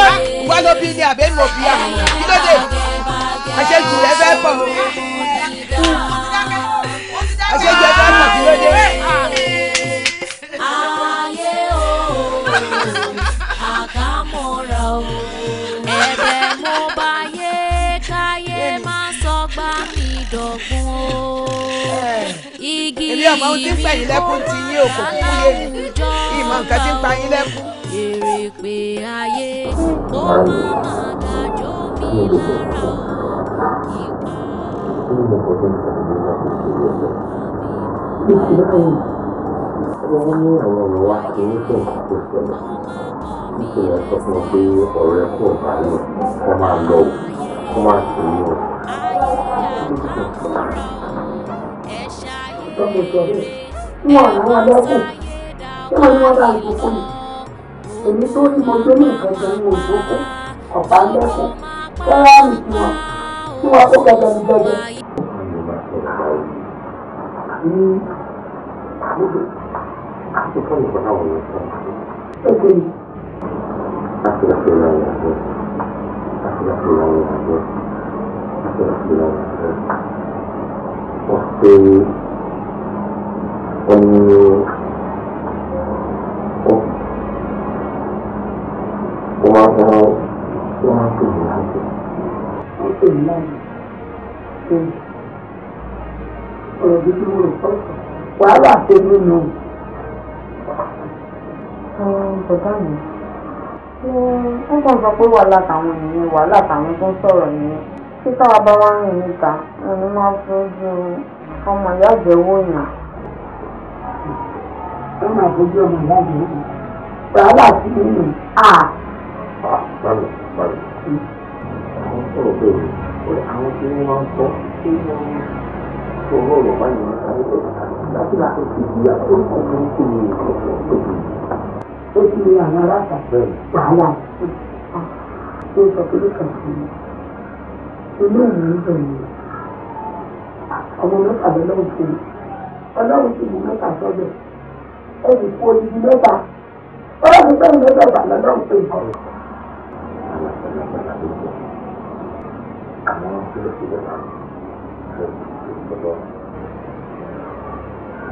gbọ́ wá ló bí ní àbẹ́ mọ̀ bí kí ló dé àṣejù rẹ fẹ́ pọ̀ àṣejù rẹ fẹ́ pọ̀ kí ló dé. ayé o àkàmọ́ra o ẹ̀bẹ̀ mo bá yé káyé má sọ gbá mi dọ̀gbun o igi ìrìn àláwùjọ máa ń lò kí o lè bẹ̀rẹ̀ fún kí o lè bẹ̀rẹ̀ fún mi láti ìṣòro ọ̀sẹ̀. bí ti báwo wọ́n ní àwọn ọ̀rọ̀ wa kì í tó nǹkan tó ṣẹlẹ̀ nítorí ẹ sọ fún wọn pé ọ̀rẹ́ kò bá lọ kó máa lọ o kó máa sùn ní o. Wọ́n àwọn ọlọ́kùn, wọ́n ní wọ́n bá ń kókó mi èmi tó ní mo gbé ní nǹkan jẹ ní òṣòfò ọ̀pá lẹ́kọ̀ọ́ kẹ́rẹ́ àmì kí wọn kí wọn tó gẹgẹ ní gẹgẹ. Thank you. ọ̀rọ̀ gidi wo wàhálà tó mi wọ́n kàn sọ pé wàhálà táwọn nìyẹn wàhálà táwọn tó ń sọ̀rọ̀ nìyẹn tí káwa bá wá rìn níta ẹni máa fojú ọmọ ìyá àjẹwò yàn. ó máa ọmọ ìyá àjẹwò yàn wàhálà sí nínú. báyọ̀ báyọ̀ àwọn sọ̀rọ̀ bẹ́ẹ̀ pé àwọn tí wọ́n máa ń tọ́ tí wọ́n ń sọ̀rọ̀ ọ̀rọ̀ báyìí wọn sáré tó láti láti fi di àkókò kan tó ní ìkọ̀kọ̀ tó ní. ó ti ní àwọn aráàlú gbàlá tó sọ pé lókà sí i olóòrùn ń bẹ̀ ni ọmọ mẹ́ta bẹ́ẹ̀ lọ́wọ́ tó ní ọlọ́run ti mú mẹ́ta sọ́dọ̀ ẹ̀rù kú odidi mẹ́ta ọlọ́run bẹ́ẹ̀ mẹ́ta bàlá lọ́wọ́ tó ní. àwọn tí ó ti wọ́n máa lọ sí ìpọlọ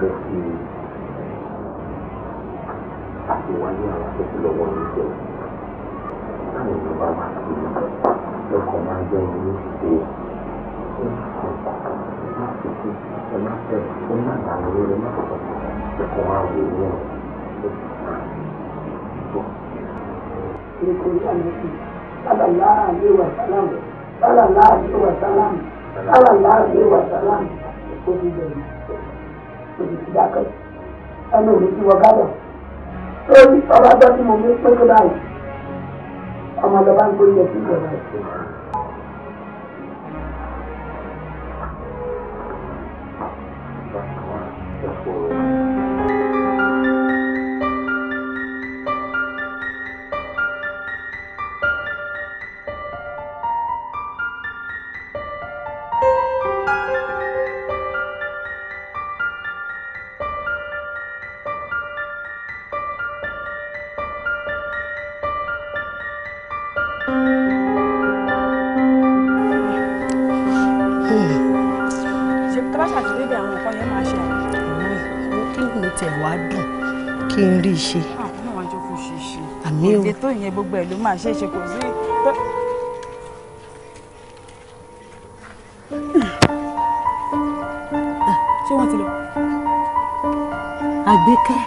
lọ sí àtiwájú àwọn tó ti lọ́wọ́ ní ìjọ táwọn èèyàn bá wà sí lọ́kọ̀ máa jẹ́ orí ṣe ó ní kàn má fi kí ẹ má fẹ́ ó má bà mí lórí má fọ ẹ̀kọ́ wa wò ó ó sì máa bọ̀. Ìkòrí àlejò sábà láàárín ìwà ìsàlámù sálà láàbí wà sálámù sálà láàbí wà sálámù kò ní bẹ̀rẹ̀ kò ní ti dákẹ́ ẹnu òní ti wọ gádà lórí ọba tó ti mọ̀ mí pé kí báyìí ọmọ lọ́ba ń gbé yẹ sí ìjọba ìṣèlú. gbogbo ẹ̀ ló máa ṣe é ṣe kò sí. ṣé wọ́n ti lọ. àgbékẹ́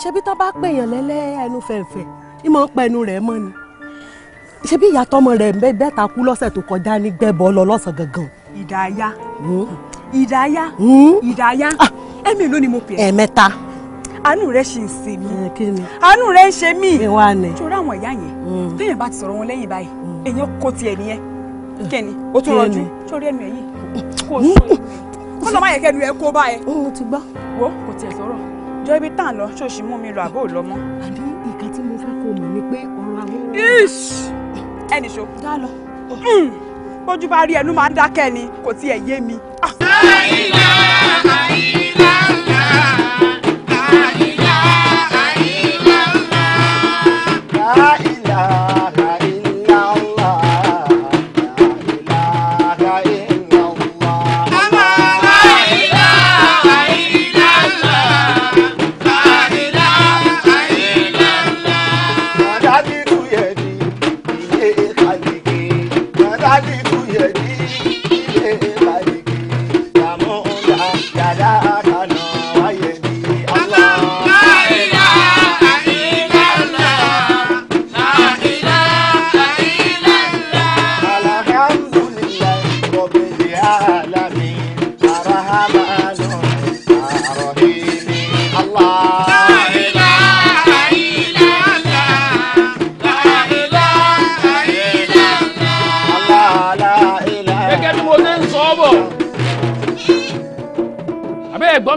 ṣebí tó bá pèèyàn lẹ́lẹ́ ẹnu fẹ̀fẹ̀ ni mo ń pẹnu rẹ̀ mọ́ ni ṣebí ìyá tọmọ rẹ̀ ń bẹ́ bẹ́ta kú lọ́sẹ̀ tó kọjá ní gbẹ́bọ̀ lọ lọ́sàn-án gangan. ìdáyà ìdáyà ìdáyà ah! ẹ̀mí ló ni mo pè é. ẹ̀mẹ́ta àánú rẹ ṣì ń ṣe mí eh, àánú rẹ ń ṣe mí torí àwọn ìyá yẹn hmm. téèyàn bá ti sọ̀rọ̀ wọn lẹ́yìn báyìí hmm. èèyàn kò tiẹ̀ nìyẹn hmm. kẹ́ni ó tún rọjú sórí ẹnu ẹ̀ yìí kò sọ kó lọ́ọ́ má yẹ kẹ́nu kó bá ẹ. mo ti gbọ́. wo kò tiẹ̀ sọ̀rọ̀ jọ ibi tá à ń lọ ṣòṣì mú mi lọ àbó ò lọ mọ́. àbí nǹkan tí mo fẹ́ kó mọ̀ ni pé ọ̀rọ̀ àwọn. ẹnì ṣo. dá lọ. bójú bá rí ẹnu máa ń dákẹ́ ni kò tiẹ̀ yé mi. Ah.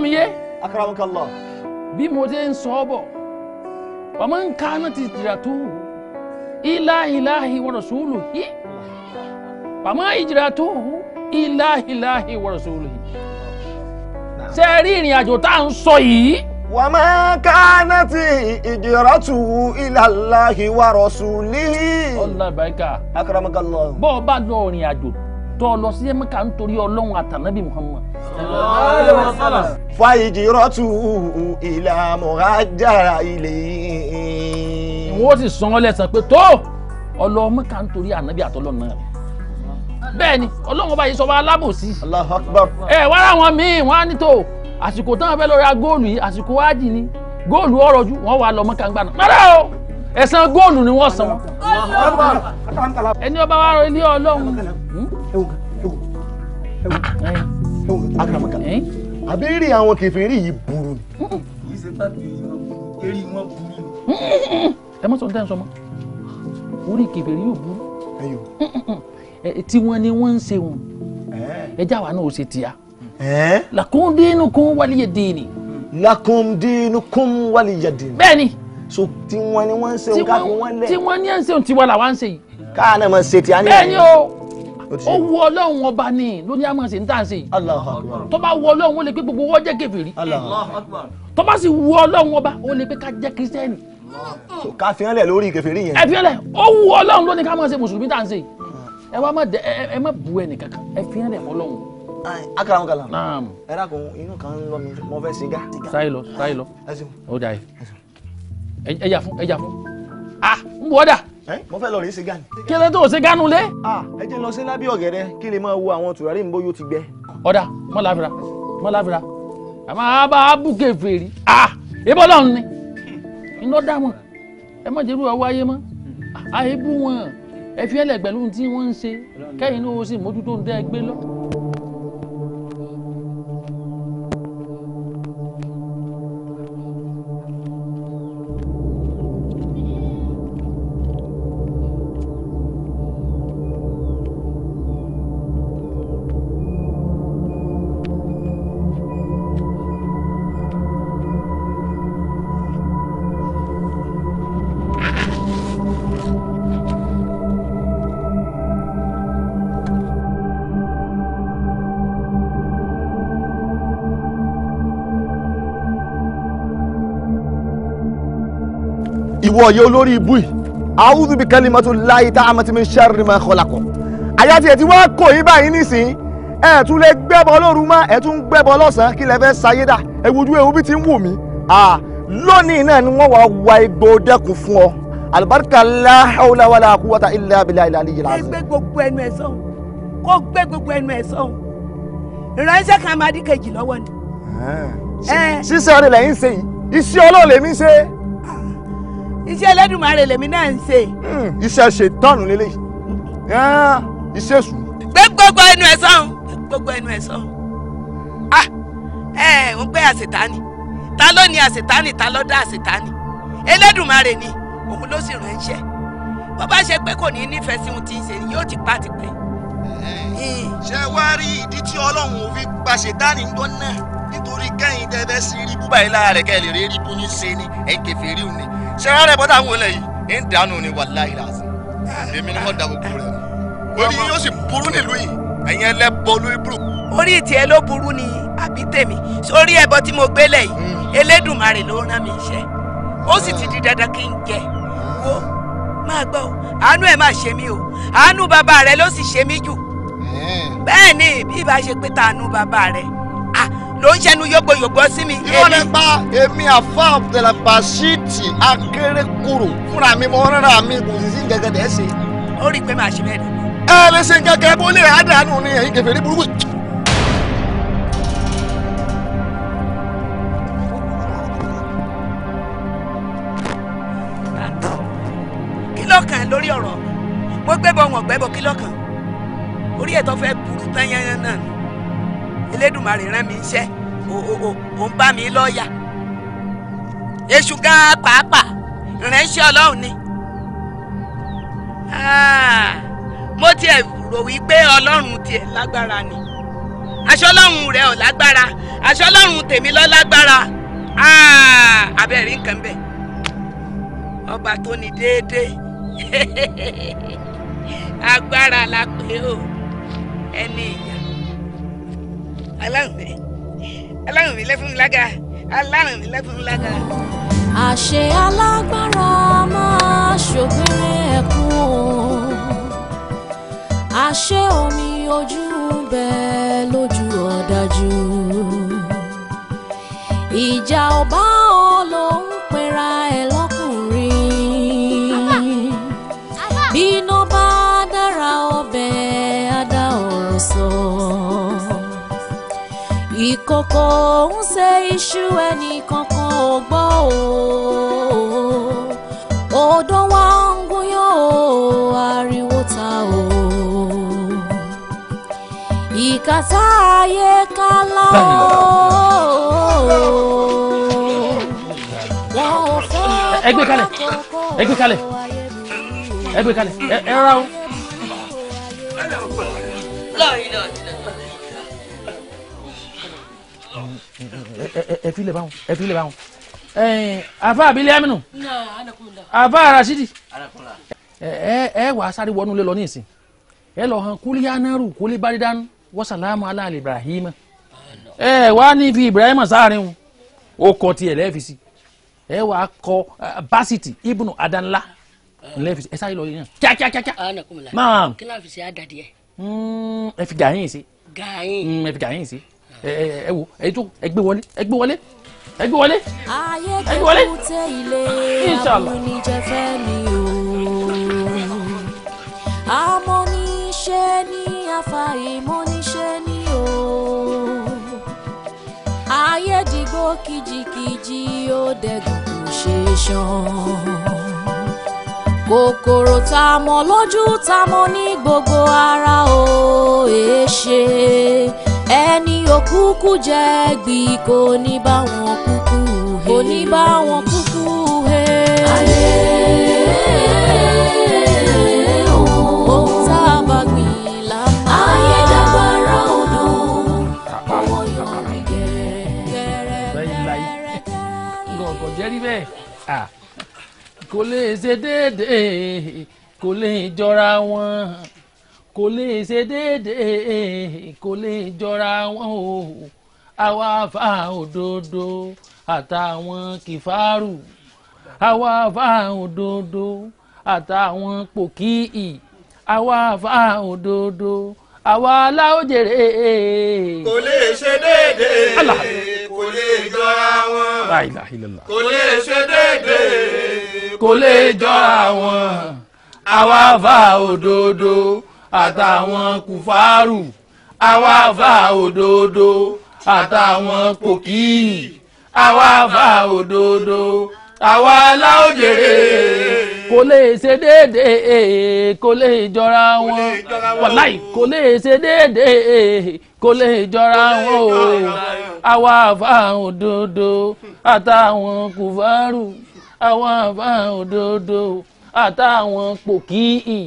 mi yé. akramakallah. bí mo ṣe ń sọ ọ bọ̀ wa man kanat hijratuhu ila ilahi wa rasulihi wa ma hijratuhu ila ilahi wa rasulihi. rí ìrìn àjò tá à ń sọ yìí. wa ma kanat hijratuhu ila Allahi wa rasulihi. Allah barika. akramakallah. bọ́ọ̀ bá lọ ìrìn àjò tó lọ sí mẹ́kà nítorí ọlọ́run àtànábì muhammad. fàyèjì rọ́tù ìlà mọ̀hájára ilé. wọ́n sì san ọ lẹ́sàn pé tó ọlọ́ mẹ́kà nítorí ànábì àtọ́lọ́run náà bẹ́ẹ̀ ni ọlọ́run ọba yìí sọ wá alábòsí. Allahu Akbar. ẹ wá láwọn míì wọn á ní tó àsìkò táwọn fẹ́ lọ ra góòlù yìí àsìkò wájì ni góòlù ọ̀rọ̀ ju wọn wà lọ mọ́kà gbà náà ẹ̀san góòlù ni wọ́n san wọn. ẹni ọba wa rọ ilé ọlọ́run. àbẹ́rẹ́ àwọn kẹfìrí yìí burú ni. kì í ṣe tábìlì eré wọn burú ni. ẹ mọ̀ sọ̀rọ̀ tẹ́ǹsọ̀ mọ́ orí kẹfìrí yóò burú tí wọ́n ní wọ́n ń ṣe wọn ẹjẹ́ àwa náà ò ṣe tìyà. lakundinukun waliyadini. lakundinukun waliyadini. bẹ́ẹ̀ ni so tí wọ́n ní wọ́n ń ṣe nǹkan kí wọ́n lẹ̀. tí wọ́n ní ẹ̀ ń ṣe tiwa là wá ń ṣe yìí. káà náà mọ̀ ṣe tí a ní. bẹ́ẹ̀ ni o ó wu ọlọ́run ọba ni lórí àmọ́ ṣe ń tà ṣe yìí. tó bá wu ọlọ́run ó lè pé gbogbo wọ́n jẹ́ kèfèrí. tó bá sì wu ọlọ́run ọba ó lè pé ká jẹ́ kírísítẹ́nì. ká fi hàn lẹ̀ lórí kèfèrí yẹn. ẹ fi hàn lẹ̀ ó wu ọlọ́run lóní ká máa ṣe mùsùlùmí tà ń ṣe yìí ẹ wá má dẹ ẹ má bu ẹnìkan kan ẹ fi hàn lẹ̀ ọlọ́run akara nkala. naam. ẹ dàkún inú kan ń lọ mi mo fẹ́ sìgá. sáyé lọ sáyé lọ ó dà yìí ẹja fún ẹja fún ah ń bọ̀ ọ́dà. mo fẹ́ lọ rí ṣe gánì. kí ló tó ṣe gánù lé. ẹ jẹ́ lọ sí lábẹ́ ọ̀gẹ̀dẹ̀ kí lè máa wo àwọn tùràrí mi bóyá ó ti gbẹ. ọ̀dà mọ́ láfira mọ́ láfira àmọ́ àbá abúké fèrè ah ebó lọ́run ni iná dá wọn ẹ má jẹ́rú ọwọ́ ayé mọ́ àhébù wọn ẹ fi ẹlẹ́gbẹ̀lú tí wọ́n ń ṣe kẹ́yìn náà ó sì mójútó ń dẹ́ gbé lọ. ìwọ yẹ olórí ibú yìí a'udhu bi kalimatullahi ta'amati min sharri ma khalaq àyà tiẹ̀ tí wọ́n kò yín báyìí nísìnyí ẹ̀ tún lè gbẹ́bọ lóru mọ́ ẹ̀ tún gbẹ́bọ lọ́sàn kí lẹ fẹ́ sayé dà ẹ̀ ewu bí ti ń wù mí lónìí náà ni wọ́n wá wa egbò dẹ́kun fún ọ alibarika la hawla wala quwwata illa billahi aliyyil azim. kó gbé gbogbo ẹnu ẹ sọhùn ìránṣẹ́ kan máa ni. sísẹ́ ọ̀rẹ́ lẹ́yìn ṣe iṣẹ́ ọlọ́ọ̀lẹ́mí ṣe iṣẹ́ Ẹlẹ́dùmarè lèmi náà ń ṣe. Hmm, iṣẹ́ ṣe tọ́ọ̀nù lélẹ̀ iṣẹ́ sùn. gbé gbogbo ẹnu ẹ sọ́hún gbogbo ẹnu ẹ sọ́hún. ah ẹ ń gbé àṣetánì ta ló ní àṣetánì ta ló dá àṣetánì Ẹlẹ́dùmarè ni òun ló sì ránṣẹ́ bó bá ṣe pé kò ní nífẹ̀ẹ́ sí ohun tí ń ṣe yóò ti pa tipẹ́. Hmm. ṣé wàá rí ìdí tí ọlọ́run ò fi gba ṣètánì ń dọ́nà nítorí kẹ́yìn tẹ́ fẹ́ sí rí búba yìí lára rẹ̀ kẹ́ lè rí bú ní ṣe ni ẹ̀ ń kẹfẹ́ rí òní ṣẹ́ra rẹ̀ bọ́tà wọlé yìí ń dànù ni wàláhì làásì èmi ni wọ́n da gbogbo rẹ̀ orí yóò sì burú nílùú yìí ẹ̀yin ẹlẹ́bọ lórí burú. orí tiẹ̀ ló burú ni àbí tèmi sórí ẹbọ tí mo gbélé yìí hmm. Elédùmarè ló rán mi iṣẹ́ ó sì ti di hmm. dandan kí n jẹ wo máa gbọ́ àánú ẹ̀ máa ṣe mí o àánú bàbá rẹ ló sì ṣe mí jù hmm. bẹ́ẹ̀ ni bí ibà ṣe pé tàánú bàbá rẹ̀ ló ń ṣẹnu yógboyògbọ sí mi. irọ́ lẹ pa èmi àfa abdulbasiti akérèkùrù fúnra mi mọ rárá mi kò sì sí gẹ́gẹ́ dẹ́ ṣe. ó rí i pé màá ṣe bẹ́ẹ̀ ni. ẹ lè ṣe gẹ́gẹ́ bó lè àdánù ni ẹ̀yin kẹfẹ́ rí burúkú. kí lọ́kàn lórí ọ̀rọ̀ mo gbẹ́bọ̀ wọn gbẹ́bọ̀ kí lọ́kàn orí ẹ̀ tó fẹ́ burú tán yányán náà ni elédùnmarè rán mi iṣẹ́ ò ń bá mi lọ́ọ̀yà èṣù gan pàápàá ìránṣẹ́ ọlọ́run ni ah, mo tiẹ̀ rò wípé ọlọ́run tiẹ̀ lágbára ni aṣọ ọlọ́run rẹ̀ ò lágbára aṣọ ọlọ́run tèmi ló lágbára ah, abẹ́rẹ́ nǹkan bẹ́ẹ̀ ọba tó ní déédéé agbára la pé o ẹni ìyá. Ọlọ́run mi Ọlọ́run mi lẹ́fún mi lága Ọlọ́run mi lẹ́fún mi lága. àṣẹ alágbára máa ṣògbére ẹkún àṣẹ omi ojú bẹ́ẹ̀ lójú ọ̀dájú ìjà ọba. ìkòkò ń ṣe iṣu ẹnìkan kan ò gbọ́ o odò wa ń gúnyán o ariwo ta o ìkàtà ayé kálá o ẹ gbé kalẹ̀ ẹ gbé kalẹ̀ ẹ gbé kalẹ̀ ẹ rà o. ẹ fi lè bá wọn ẹ fi lè bá wọn. àfa abilé aminu àfa rasidi ẹ ẹ wà á sáré wọnú lé lọ ní ìsìn ẹ lọ hàn kúlí anáru kúlí bárídánù wasalamu ala ibrahim ẹ wà á ní fi ibrahim sáárín wọn ó kọ tiẹ̀ lẹ́ẹ̀fi sí ẹ wà á kọ basiti ibnu adanla lẹ́ẹ̀fi sí ẹ sáré lọ yẹn kíákíákíá máa hmm, ẹ fi gàáyìn sí hmm, ẹ fi gàáyìn sí ẹ wo ẹyí tó ẹ gbé wọlé ẹ gbé wọlé ẹ gbé wọlé ẹ gbé wọlé inshallah. amóníṣẹ́ kìjìkìjì ó dẹ̀gùn kò ṣeé ṣan kòkòrò tá a mọ̀ lójú tá a mọ̀ ní gbogbo ara ó èé ṣe ẹni òkúkú jẹ́ gbì kò ní bá wọn kúkú he kò ní bá wọn kúkú he. ayé ohun tá a bá gbìn là máa. ayé dàgbára kò lè ṣe déédéé kò lè jọra wọn kò lè ṣe déédéé kò lè jọra wọn o àwa fa òdodo àtàwọn kìfàrù àwa fa òdodo àtàwọn pòkìí àwa fa òdodo àwa aláwọ̀ jèrè. kò lè ṣe déédéé kò lè jọra wọn kò lè ṣe déédéé kò lè jọra wọn àwa fa òdodo àtàwọn kùfárù àwa àfà òdodo àtàwọn kòkì àwa àfà òdodo àwa aláòjèrè kò lè ṣe déédéé kò lè jọra wọn wàláì kò lè ṣe déédéé kò lè jọra wọn o àwa àfàhàn òdodo àtàwọn kùfàrù àwa àfàhàn òdodo àtàwọn pòkìí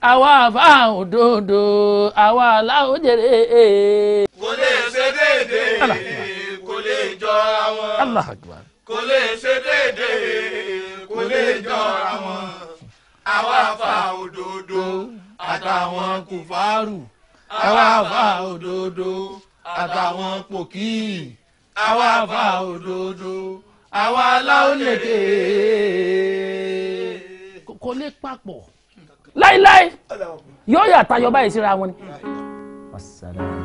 àwa àfa òdodo àwa aláwọ̀ kò lè ṣe déédéé kò lè jọra wọn kò lè ṣe déédéé kò lè jọra wọn àwa àfa òdodo àtàwọn kùfàárù àwa àfa òdodo àtàwọn pòkì àwa àfa òdodo àwa aláwọ̀ kò lè papọ̀. láíláí yóò yàtọ̀ ayọ̀ báyìí síra wọn ni. wàsálàmù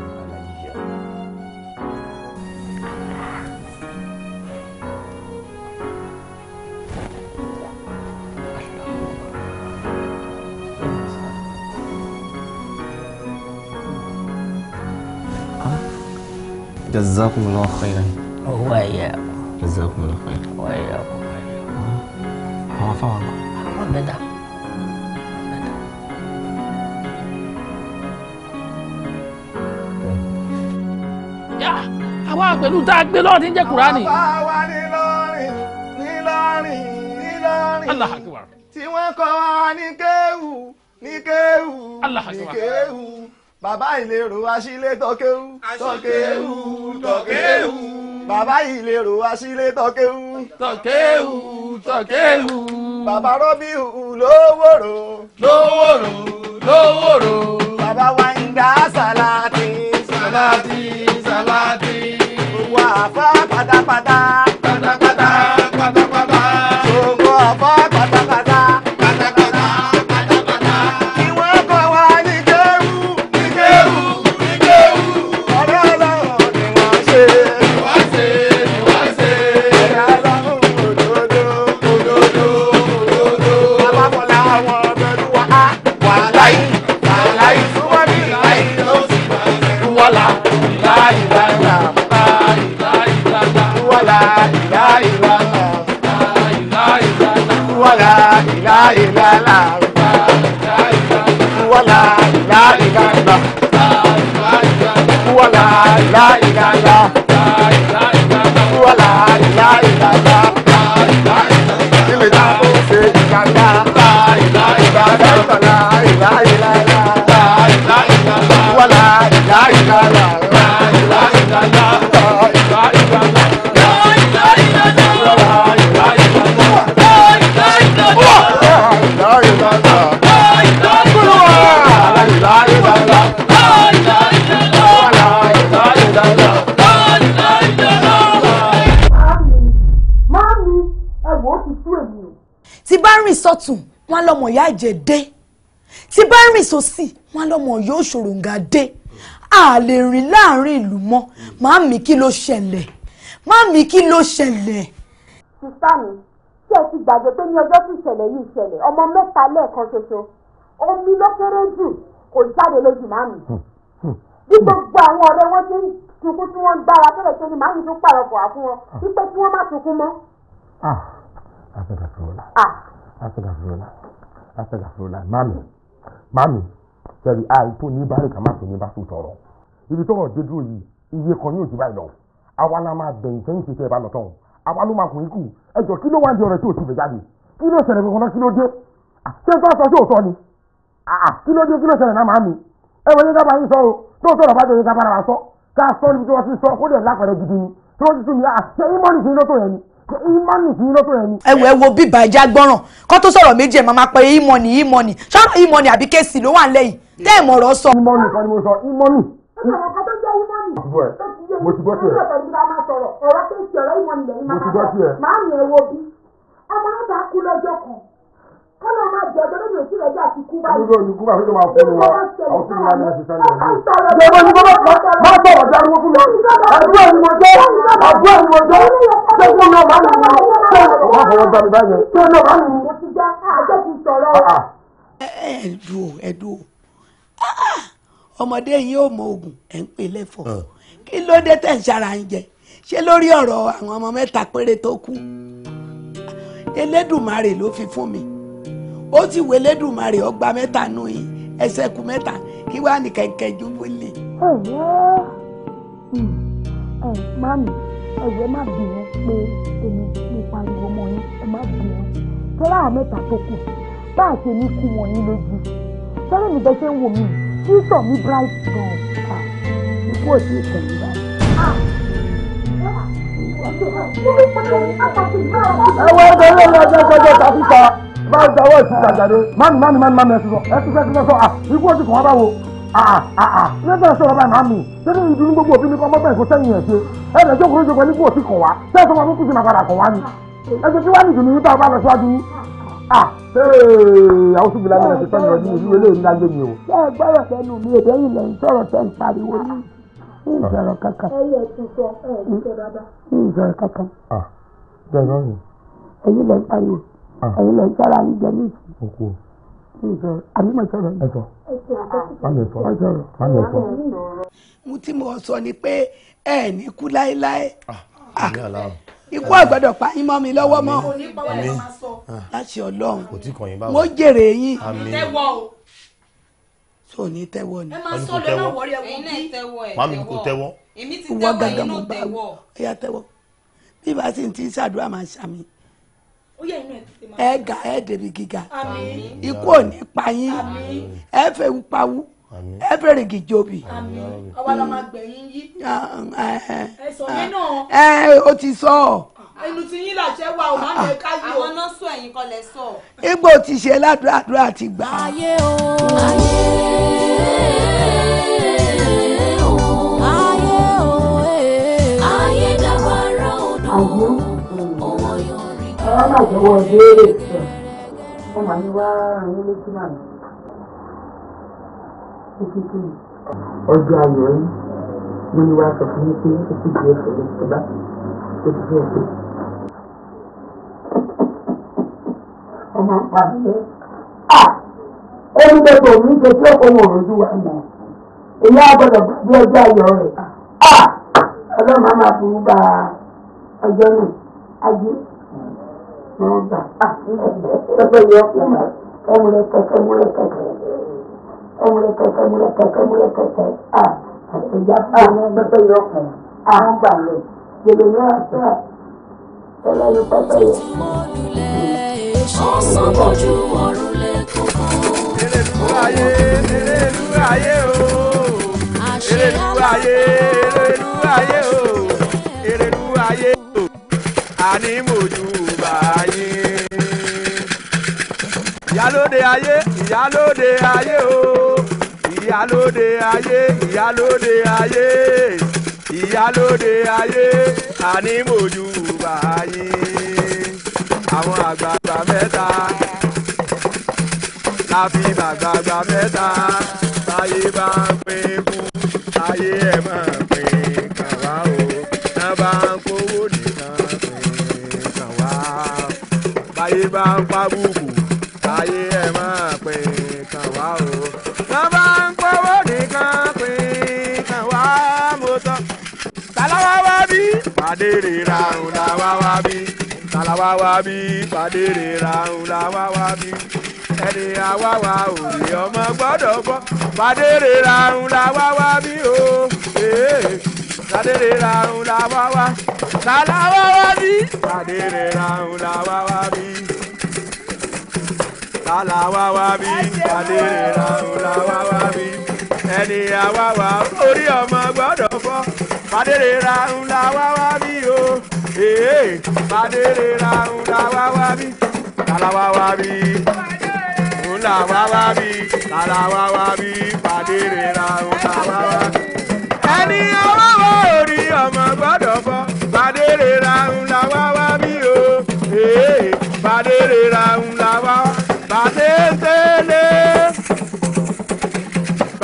جزاكم الله خيرا وياكم جزاكم الله خيرا وياكم عرفها والله عرفها بدا àwa pẹ̀lú tá a gbé lọ́rùn tí ń jẹ́ kúránì. àwa wa ní lọ́rìn ní lọ́rìn ní lọ́rìn. tí wọ́n kọ́ wa ní kéwù ní kéwù ní kéwù bàbá ìlérò aṣílé tọ́kéwù tọ́kéwù tọ́kéwù bàbá ìlérò aṣílé tọ́kéwù tọ́kéwù tọ́kéwù. bàbá rọ́bìhù lówòrò lówòrò lówòrò. bàbá wa dá sàlátì sàlátì. Saladi. Owó àfa pátápátá. wàlà ìlà ìlà la, wàlà ìlà ìlà là wàlà ìlà ìlà la. sọ́tún wọn lọ́mọ ìyá ẹ̀jẹ̀ dé tí bá rìn sósì wọn lọ́mọ yóò ṣòròǹgà dé a lè rìn láàrin ìlú mọ́ màámi kí ló ṣẹlẹ̀ màámi kí ló ṣẹlẹ̀. sísá mi ṣé ẹ ti gbàgbé pé ní ọjọ́ tí ìṣẹ̀lẹ̀ yìí ṣẹlẹ̀ ọmọ mẹ́ta lẹ́ẹ̀kan ṣoṣo omi ló kéré jù kò jáde lójú màámi hmm, hmm, hmm. bí gbogbo àwọn ọ̀rẹ́ wọn ti ń sunkún tí wọ́n ń gbára tẹ́lẹ̀ tẹ́lẹ̀ màámi tún pàrọ̀pọ̀ àfún wọn wípé kí wọ́n má sunkún mọ́. ah asagafurula asagafurula mami mami sẹ́ni àìtó ní báríkà má fi ní bá tún tọrọ ibi tọrọ dé dúró yìí iye kan yóò ti báyìí lọ àwa la máa bẹ̀yìn sẹ́yìn ṣiṣẹ́ ìbá lọ́tọ̀ àwa ló máa kùn ikú ẹjọ́ kí ló wá ń di ọ̀rẹ́ tí ò ti fẹ́ jáde kí ló ṣẹlẹ̀ gbọ̀ngàn kí ló dé ṣé bá sọ sí òótọ́ ni kí ló dé kí ló ṣẹlẹ̀ náà máa mi ẹ wọ yín dábàá yín sọ o tó sọ̀rọ̀ bá jẹ yín ká bára wa sọ ká sọ níbi tí wọ́n ti sọ kó dẹ̀ lápẹ̀rẹ̀ gidi ni tó ti tún mi àṣẹ yín mọ́nì sí lọ́tọ̀ yẹn ni ìmọ̀nì yìí ló fún ẹni. ẹ wo ẹ wo bíbá ẹja gbọ́ràn kó tó sọ̀rọ̀ méjì ẹ̀ máa máa pe ìmọ̀nì ìmọ̀nì ṣọ́nà ìmọ̀nì àbí kéèsì ló wà lẹ́yìn tẹ́ ẹ̀ mọ̀rọ̀ sọ. ìmọ̀nì kan ni mo sọ ìmọ̀nì. mo ti gbọ́ tiẹ̀. mo ti gbọ́ tiẹ̀ kọ́nà máa jẹ ọjọ́ lórí òsì rẹ̀ jẹ́ àti kú báyìí. olùdó olùkú bá fi tó máa fún wa àwọn tí wọn ní ẹsẹ sálẹ ọdún. ìjọba ní bọ́lá máa tọ̀ ọ̀dà arúgbó fún mi àdúrà ni mo jẹ́ àdúrà ni mo jẹ́ ṣẹ́gun náà bá mi ní ọ̀hún. wọ́n fọwọ́ gbà mí báyìí. ṣẹ́gun náà bá mi ní. mo ti já àjọ ti sọ̀rọ̀. ẹ̀ẹ́dùn ah, ah. ẹ̀dùn ah, ọmọdé yìí ò mọ oògùn ẹ̀ ń pè lẹ́fọ̀ kí ló dé tẹ̀ ń ṣara ń jẹ ṣé lórí ọ̀rọ̀ àwọn ọmọ mẹ́ta péré tó kú Elédùmarè ló fi fún mi ó ti wé lédùmarè ọgbà mẹ́ta nù yín ẹsẹ̀ kù mẹ́ta kí wàá ní kẹ̀kẹ́ ju wọlé. mami ẹ̀wẹ̀ má bínú pé èmi ti pariwo ọmọ yín ẹ má bínú tọ́lá àmẹ́ta tó kù bá a ṣe ní kú wọn yín lójú tọ́lá mi bẹ́ẹ̀ ń wò mí títọ̀ mi bright gan-an ikú òsì ìkẹyìn báyìí. ẹ wá ẹ bẹ̀rẹ̀ lọ́jọ́ ìjọba tàbí pa bá a gbà wọ́ọ̀ sí jàjàre mami mami mami mami ẹ̀sùn sọ ẹ̀sùn sọ ẹ̀sùn sọ à ikú ọ̀sùn kàn wá bá wo àà àà nígbà sọ̀rọ̀ báyìí màmí sẹ́ni ìdúró gbogbo òbí mi kọ́ mọ́bẹ̀ ìkó sẹ́yìn ẹ̀ ṣe ẹ̀rẹ̀ jókòó jókòó ní kó òsì kàn wá sẹ́yìn sọ́mọ́ tó kù sí nàpadà kàn wá ni ẹ̀sùn tí wá ní ìdùnnú yín tá a bá lọ síwájú yín à ṣéè àwọn sùgbìlà mi ẹ̀sìn sọ́yìn ọdún ìlú eléyìí ní agbègbè o. ṣé ẹ gbọ́dọ̀ tẹnu mi èdè yìí lẹ́yìn sọ̀rọ̀ tẹ́ ń pariwo ní ìsọ̀rọ̀ kankan. ẹyẹ ti sọ ẹ ti sọ dáadáa. ìsọ̀rọ̀ kankan. ẹyẹ lẹ́yìn pariwo. Ah. ẹ̀yin lè jára yín jẹ ní ìsìn. mo tí mo sọ ni pé ẹ ní kú láéláé ah, ah, ikú àgbàdo pa yín mọ́ mi lọ́wọ́ mọ́ láti ọlọ́run mo jèrè yín tó ní tẹ́wọ́ ni. ẹ máa sọ lọ́nà wọ̀rí ẹ̀wọ̀n bí màmí kò tẹ́wọ́. èmi ti tẹ́wọ́ yín náà tẹ́wọ́. ó yá tẹ́wọ́ bí bá sì ń ti ṣàdúrà máa ṣàmì ẹ ga ẹ dèbí gíga ikú ò ní pa yín ẹ fẹ́ ń pawú ẹ fẹ́rẹ̀ kì í jóbi. ọba la máa gbẹ̀yìn yí. ẹ sọ yín náà. ẹ o ti sọ ọ. ẹnu tí yín làṣẹ wa ò máa ń lè káyọ. àwọn náà sọ ẹ̀yìn kan lẹ sọ. igbó ti ṣe ládùúràdúrà ti gbà. ayé o ayé. Eh. àwọn wọ́n máa jọ̀wọ́ béèrè tẹ̀ ó máa ní wá àwọn olójú náà ní kíkí ni. ọjọ́ ayọ̀ yín ló ní wá sọ fún mi pé ó ti di ẹsẹ̀ rẹ̀ tó bá tó ti di ẹsẹ̀. ọmọ pàdé ó ní gbogbo òun ṣe tí ọkọ wọn ò rojú wa mọ èyí á gbọ́dọ̀ bí ọjọ́ ayọ̀ rẹ̀ ọlọ́run á máa fi ń bá ọjọ́ náà á jí ọgbà pẹpẹ yẹ ọkùn ọmọlẹ kẹkẹ múlẹ kẹkẹ ọmọlẹ kẹkẹ múlẹ kẹkẹ múlẹ kẹkẹ a àtẹjá pẹpẹ yẹ ọkùn àwọn gbà lọ gbèlè ní àṣà tẹlẹ ní pẹpẹ yẹ. ọsàn bójú ọrùn lẹkọọ. Elédùwáyé Elédùwáyé o Elédùwáyé Elédùwáyé o Elédùwáyé o àní mojú. ìyálóde ayé ìyálóde ayé o ìyálóde ayé ìyálóde ayé ìyálóde ayé àní mojú báyé àwọn àgbààgbà mẹ́ta láfi bàgbàgbà mẹ́ta táyé bá ń pè kú táyé ẹ̀ máa pè kàwá o náà bá ń kówó nìkan pè kàwá báyé bá ń pa búkú ayé ẹ máa pè kàn wá o. wọ́n bá ń kówó nìkan pè kàn wá mo tán. tàlàwá wá bí pàdé rè ra òun làwá wá bí. tàlàwá wá bí pàdé rè ra òun wá bí. ẹni àwa wa ò ọmọ gbọ́dọ̀ bọ́. pàdé rè ra òun wá bí o. pàdé rè ra òun làwá wá. tàlàwá wá bí pàdé rè ra òun wá bí aláwa wá bí adèrè ra òláwa wá bí ẹni àwa wá orí ọmọ gbọ́dọ̀ fọ́ adèrè ra òláwa wá bí o ee adèrè ra òláwa wá bí aláwa wá bí òláwa wá bí aláwa wá bí adèrè ra òláwa wá bí.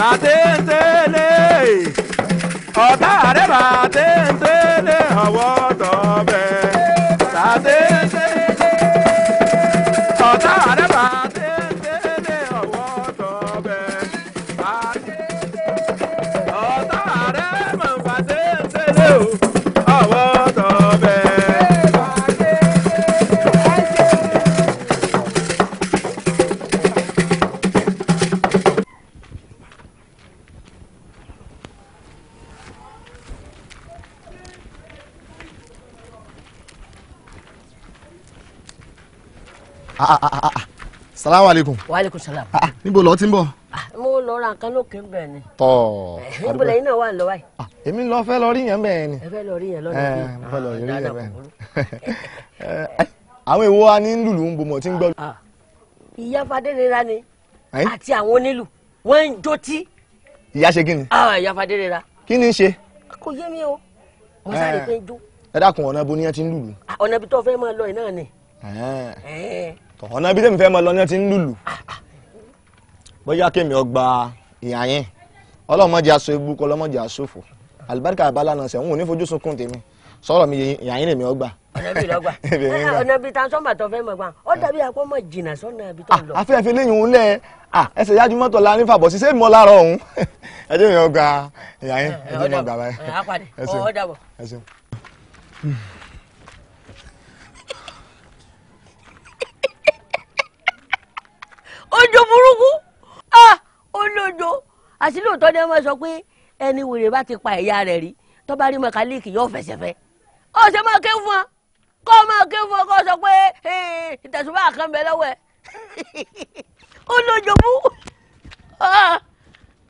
bàtẹ́ńtẹ́lẹ̀ ọ̀tá rẹ̀ bàtẹ́ńtẹ́lẹ̀ ọ̀wọ́. salamu aleykum. wa aleykum salam. Ah, ah níbo lọ ti ń bọ̀. Ah, mo lọ ra nǹkan lókè bẹ́ẹ̀ ni. tọ́ eh, níbo lẹ́yìn náà wà lọ́wọ́ yìí. Ah, èmi lọ fẹ́ lọ rí yẹn bẹ́ẹ̀ ni. ẹ fẹ́ lọ rí yẹn lọ́dọ̀ eh, bíi. ẹ fẹ́ lọ rí yẹn bẹ́ẹ̀. Eh, àwọn èèwọ̀ wa ní lùlù ń bomọ̀ tí ń gbọ́. ìyá fadérera ni àti àwọn onílù wọ́n ń jó tí. ìyá ṣe kí ni. ìyá fadérera. kí ni ń ṣe. kò yé mi o mo sáré pé ń jó. ẹ dákun ọ̀nà ibo ni wọ́n ti ń lùlù. ọ̀nà ibi ọ̀nà ibi tẹ́mi fẹ́ mọ lọ ní ẹ ti ń lùlù bóyá kémi ọgbà ìyá yẹn ọlọ́mọdé aṣọ egbú kọ ọlọ́mọdé aṣọ òfò àlùbáríkà àbálà náà sẹ́wọ̀n òní fojú sunkún tèmi sọ̀rọ̀ mi ìyá yẹn lèmi ọgbà. ọ̀nà ibi tá a sọ́mà tó fẹ́ mọ̀ gbà ọ́ dàbí akọ́ mọ̀ jìnnà sọ́nà ibi tó ń lọ. Ah, afẹ́fẹ́ lẹ́yìn òun lẹ́ ah, ẹsẹ̀ yájú mọ́tò la nífà eh, bọ̀ sí sẹ́mi mọ́ láàárọ̀ òun ẹjẹ́ mi ọgbà ìyá yẹn ẹjẹ́ mi ọgbà báyìí. Eh, ọ̀ ojo burúkú ah, olójo àti lóòótọ́ ni wọ́n sọ pé ẹni wèrè bá ti pa ẹ̀yà rẹ̀ rí tó bá rí mẹkáníìkì yóò fẹsẹ̀ fẹ́ ọ ṣe máa ké fún ọ kọ́ máa ké fún ọ kọ́ sọ pé ìtẹ̀sùnmọ́ àkànbẹ lọ́wọ́ ẹ̀ olójo bú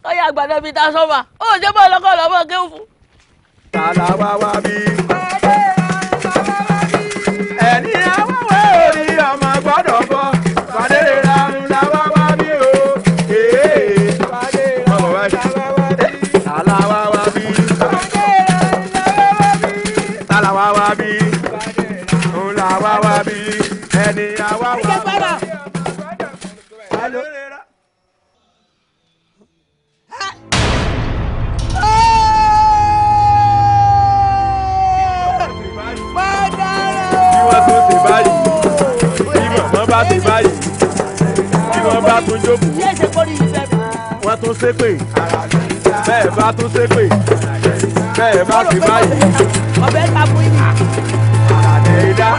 ọyà ah, àgbàdo bíi ta sọ́mà ó ṣe máa lọ́kọ́ lọ́mọ́ ké fún. tàlàwá wá bí. bá dé báyìí bí wọ́n bá tún jókòó wọ́n tún ṣépè bẹ́ẹ̀ bá tún ṣépè bẹ́ẹ̀ bá fi báyìí. ọbẹ̀ ta fún yín. àràdé dá.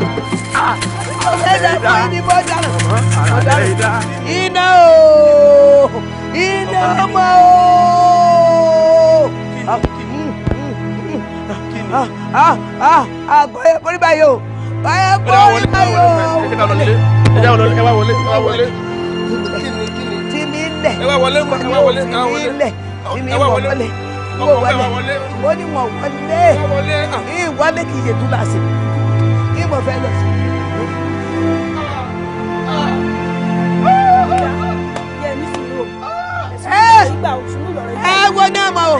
ọbẹ̀ ta fún yín ni bọ́jà. àràdé dá. iná o iná ọmọ o. kí ni kí ni. àgbọ̀yẹ̀ kórìbáyé o báyẹ̀ bọ́ọ̀lù ayò. ẹ wá wọlé ẹ wá wọlé ẹ wá wọlé. tìmí lẹ̀ ẹ wá wọlé ẹ wá wọlé ẹ wá wọlé tìmí ah. wọ̀ wọlé wọ̀ wọlé mo ní wọ̀ wọlé ìwọlé kì í yẹ dúró àṣẹ kí mo fẹ́ lọ sí. ẹ wo ní ọmọ o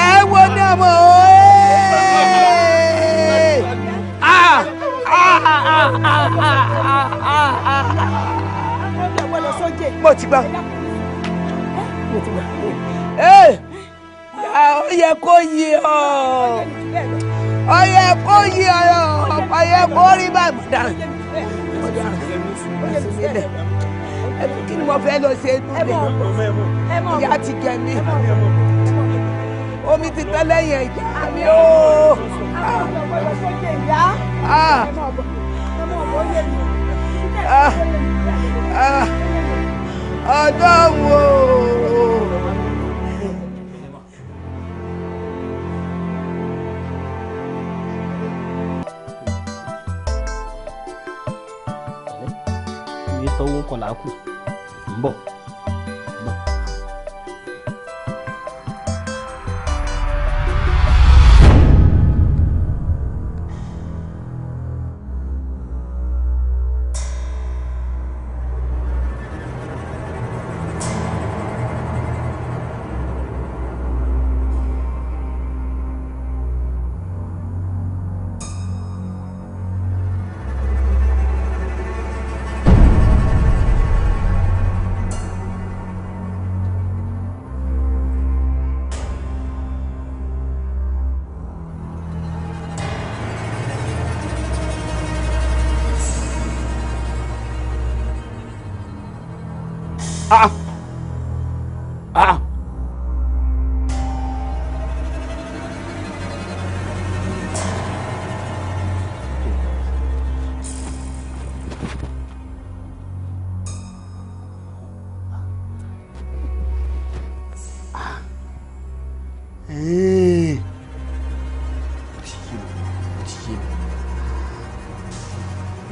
ẹ wo ní ọmọ o. Eh, mo ti gbà mo eh, ti gbà ó yẹ kó yí ọ ó yẹ kó yí ọ ó yẹ kó rí bàbá dáhùn kí ni mo fẹ́ lọ ṣe lóde ìyá ti jẹ mí omi ti tán lẹ́yìn ẹ̀jẹ̀ mi ó ọ̀dọ́ wo. tọwọ́ kọ̀ọ̀lá kù ń bọ̀.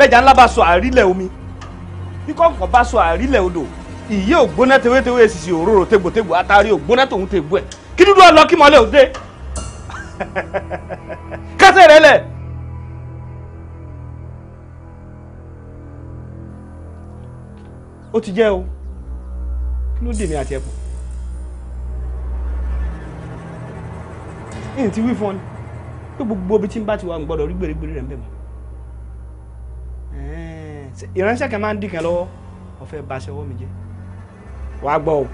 bẹ́jà ńlá bá sọ àrílẹ̀ omi bí kọ̀ọ̀kan bá sọ àrílẹ̀ odò ìyé ògbóná tewétewé èsìsì òróró tegbòtegbò atari ògbóná tòun tegbò ẹ̀ kí dúdú ọ lọ kí mọ́lẹ̀ òde kásẹ̀ rẹ lẹ̀. ó ti jẹ́ o kí ló dèmi àti ẹ̀kọ́ ẹ̀yìn ti wí fún ọ ni pé gbogbo ibi tí ń bá ti wà ń gbọ́dọ̀ rí gbèrègbèrè rẹ̀ ń bẹ̀ mọ́ ìránṣẹ́ kan máa ń dìkan lọ́wọ́ wọ́n fẹ́ baṣẹ́ ọwọ́ mi jẹ́ wàá gbọ́ ọ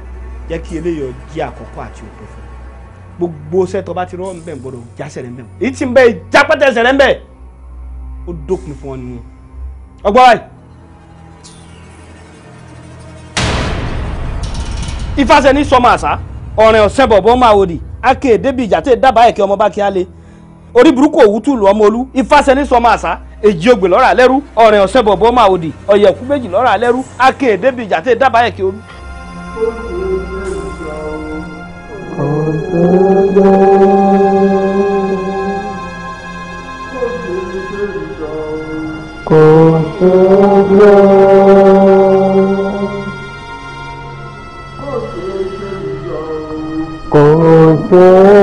jẹ́ kí eléyọ̀ jí àkọ́kọ́ àti òpin fún gbogbo sẹ́tọ̀ bá ti rọ́ nbẹ̀ gbọ́dọ̀ jásẹ̀ rẹ̀ nbẹ̀ èyí tí ń bẹ ìjápẹ́tẹ̀sẹ̀ rẹ̀ nbẹ̀ ó dópin fún ọ nìyẹn ọgbọ́n báyìí. ifásẹ̀ ní sọmọ àṣà ọ̀rìn ọ̀sẹ̀ bọ̀bọ̀ máa wò di akéèdébìjà tẹ̀ dábàá ẹ̀kẹ́ ọmọ bá kí á lé orí burúkú òwútù lọ́mọlú ifásẹ̀ ní sọmọ àṣà èjì ògbè lọ́ra lẹ́rú ọ̀rìn ọ̀sẹ̀ bọ̀bọ̀ máa òdì ọ̀yẹ̀kú méjì lọ́ra lẹ́rú akẹ́ èdèbí ìjà tẹ́ dábàá ẹ̀kẹ́ olú. kò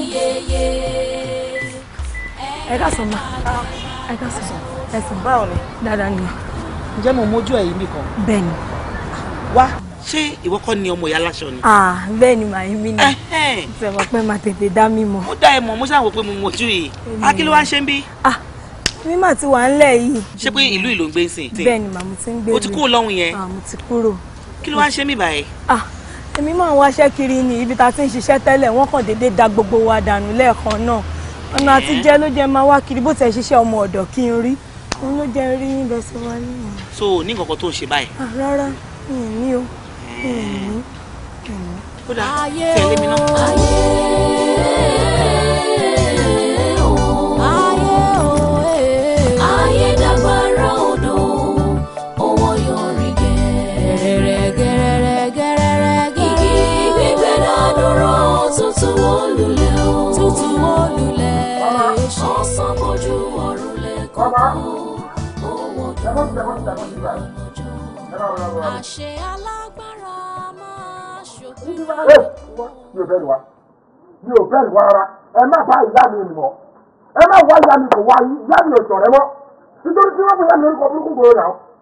ẹ ká sọ ma ẹ ká sọ ẹsìn báwo ni. dáadáa ni. ǹjẹ́ mo mójú ẹ̀yìn mi kan. bẹ́ẹ̀ ni. wá ṣé ìwọ kọ́ ni ọmọ ìyá aláṣọ ni. ah bẹ́ẹ̀ ni màá mi ni ìṣẹ̀wọ̀n pé màá tètè dá mi mọ̀. mo dá ẹ mọ̀ mo ṣàwọn pé mo mójú yìí akíló wá ń ṣe ń bí. ah mi mà ti wà ńlẹ̀ yìí. ṣé pé ìlú ìlú ń gbé ń sìn. bẹ́ẹ̀ ni màá mo ti ń gbé mi. o ti kúrò lọ́hùn yẹn. ah mo ti kúrò. kí wá ń ṣe mí báyìí èmi máa ń wáṣẹ́ kiri ní ibi tá ti ń ṣiṣẹ́ tẹ́lẹ̀ wọ́n kàn déédéé da gbogbo wa dànù lẹ́ẹ̀kan náà ọ̀nà àtijẹ́ ló jẹ́ máa wá kiri bó tẹ̀ ṣiṣẹ́ ọmọ ọ̀dọ̀ kí n rí òun ló jẹ́ rí yín bẹ́sẹ̀ wá nìyẹn. so ní nǹkan kan tó ń ṣe báyìí. Ah, rárá mi ò ní o mi ò ní. kódà tẹ̀lé mi náà. ọ̀sán bójú ọ̀run lè kókó owó dúró ọjọ́ àṣẹ alágbára máa ṣòfin. mi ò bẹ́ẹ̀ wá mi ẹ má bá ìyá mi mọ̀ ẹ má wá ìyá mi kò wá ìyá mi ò sọ̀rọ̀ mọ́ nítorí tí wọ́n fi yá mi orúkọ burúkú gbòòrò náà.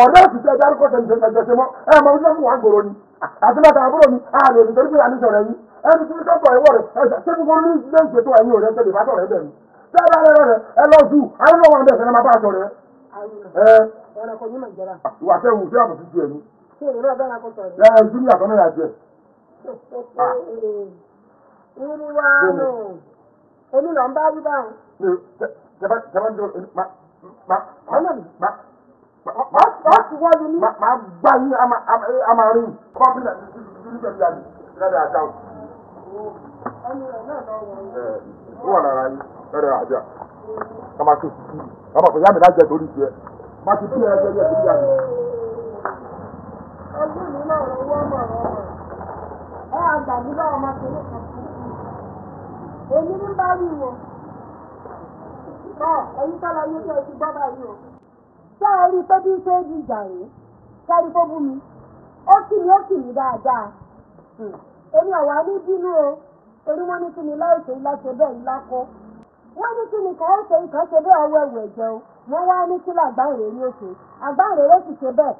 ọ̀rẹ́ òṣìṣẹ́ dárúkọ tẹ̀sán tẹ̀sán mọ́ ẹ mọ ojú ọkùnrin wa gbòòrò ni àti bàtà àbúrò mi àrùn òṣìṣẹ́ nígbà àti sọ̀rọ̀ yìí ẹni tí wọ́n bọ̀ ẹ̀wọ̀ rẹ̀ ẹ̀sẹ̀ tí gbogbo ní ilé ẹ̀yìn tẹ̀lé rẹ̀ sábà rẹ̀ rẹ̀ ẹ lọ àwọn ọmọ ọmọdé ẹ̀sẹ̀ máa bá ẹ Máa ti wá ní. Máa gbá yín amari kọ́bílẹ̀ nítorí pẹ̀lú àlè lọ́dọ̀ àjà o. Ó wà lára yín o àjà. Ká máa tó tutù. Bàbá kò yá mi lájẹ torí tiẹ̀. Má ti bí ẹgbẹ́ bí ẹgbẹ́ bí àlè. Ẹbí mi náà ló wọ́n mọ̀ ọ́. Ẹ àgbàdo bá ọmọ kìíní kan sí. Èmi ń bá rí wọn. Bẹ́ẹ̀ ẹ̀yin tọ́lá yóò fẹ́ ti gbọ́ báyìí o. ṣé e ẹ rí pé bí ṣe é ìjà rèé ṣé ẹ mi ó kì mí ó kì ní bínú o torí wọ́n ní kí ni láì ṣe láṣẹ bẹ́ẹ̀ wọ́n ní kí ni kàn ó ṣe ìkàn ṣe bẹ́ẹ̀ ọwọ́ ẹ̀wẹ̀ jẹ wọ́n wá ní kí ní òkè sì ṣe bẹ́ẹ̀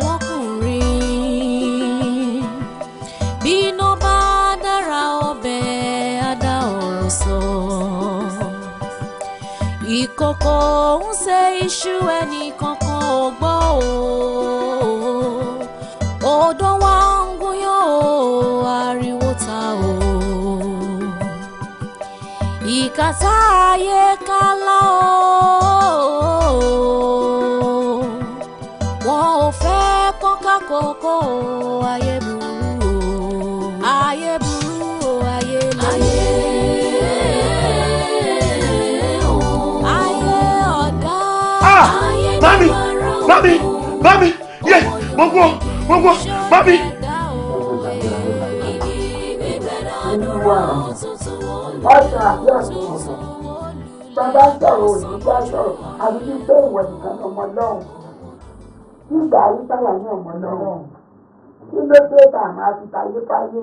ló ń kòkò ń ṣe iṣu ẹnì kankan ò gbọ́ o odò wa ń gúnyán o ariwo ta o ìkàtà ayé mo gbọ́ mo gbọ́ mami. bàbá sọ̀rọ̀ òní bá sọ̀rọ̀ àbí wípé ìwọ nìkan ọmọ lọ́hùn nígbà ayípayà ní ọmọ lọ́hùn kí ló dé bá a máa fi tayé fáyé.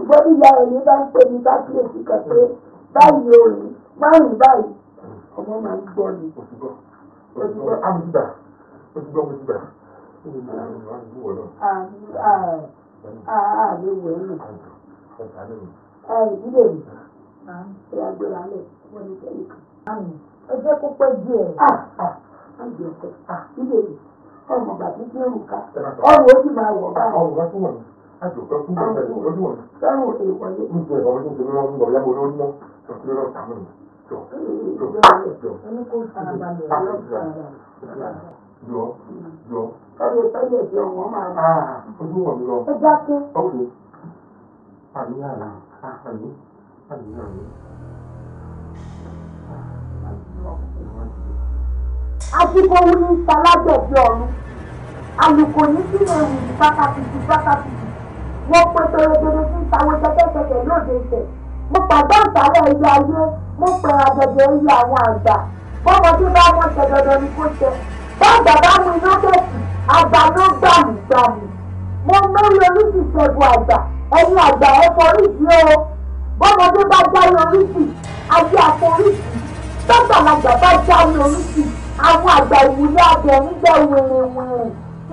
ṣùgbọ́n bí ìyá ẹ̀mí bá ń pè mí bá kíyèsí kan pé báyìí o rí márùn-ún báyìí ọmọ máa ń gbọ́ ni òṣùgbọ́ òṣùgbọ́ àmúgbà òṣùgbọ́ òṣùgbà òṣùgbọ́ àmúgbà òṣùgbọ́ ọjọ́ kó pẹ́ díẹ̀ ọmọ bàbá tí ó ń ka ọrùn ó sì máa wọ̀ báyìí àjọpẹ́ fún ọ̀sẹ̀ lọ́dún ọ̀sẹ̀ dáhùn ọ̀sẹ̀ ìpàdé ní ìjẹ́ ọ̀rọ̀ ní ìjẹ́ wọn ń bọ̀ yàgò lórí náà tó ti lọ sàmù ní jọ jọ jọ jọ jọ. káyọ̀ káyọ̀ ti ọmọ máa bá ah, ojú wọn lọ. ẹ dákẹ́. ọ̀kẹ́ àní àná àní àní àní. àsìkò wo ni ìsalájẹ̀ bí ọ̀run àlùkò ní sílẹ̀ ìwé pátákì ju pátákì wọ́n pé pérébéré fún táwọn tẹ́tẹ́tẹ́tẹ́ lóde ìfẹ́ mo pàdé ìsàlẹ̀ ilé ayé mo pẹ̀ àgẹ̀gẹ̀ ilé àwọn àgbà bọ́mọdé bá wọn tẹ̀ dandan ni kò tẹ báàgbà bá mu iná bẹ̀sì àgbà ló gbàmù gbàmù mo mórí oríṣi ṣẹ́gun àgbà ẹ̀yin àgbà ẹ forí sí o bọ́mọdé bá jáwé oríṣi ayé àforíṣi tọ́gbàlagbà bá jáwé oríṣi àwọn àgbà ìwúlẹ̀ abẹ nígbà wèrèwèrè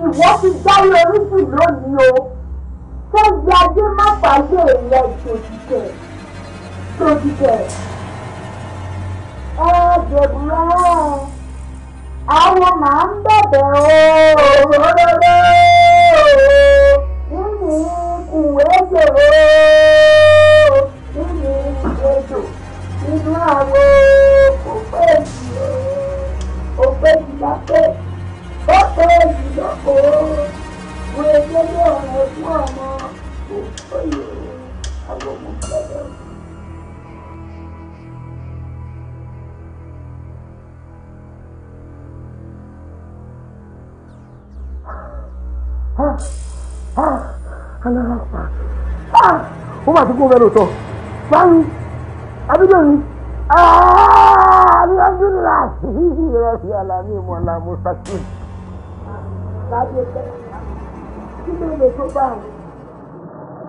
ìwọ́ ti jáwé oríṣi lónìí o. Kẹ́mi Adé má fàyè rẹ̀ tòjìtẹ̀ tòjìtẹ̀. Ẹ jẹ̀bùrẹ́ àwọn máa ń bẹ̀bẹ̀ òróró nínú kùwéjò nínú kùwéjò nínú àwọn òpèjì òpèjì lápẹ́ òpèjì lọ́kọ̀ọ́ wẹ́ẹ́dẹ́gbẹ́ ọ̀rọ̀ fún ọ̀nà ó mà ti kó bẹ́ẹ̀ lóòótọ́ báyìí abídọ́yìn alhamdulilá ìrọ̀ sí alámi ìmọ̀lá mustaqim. kí ló lè tó báyìí.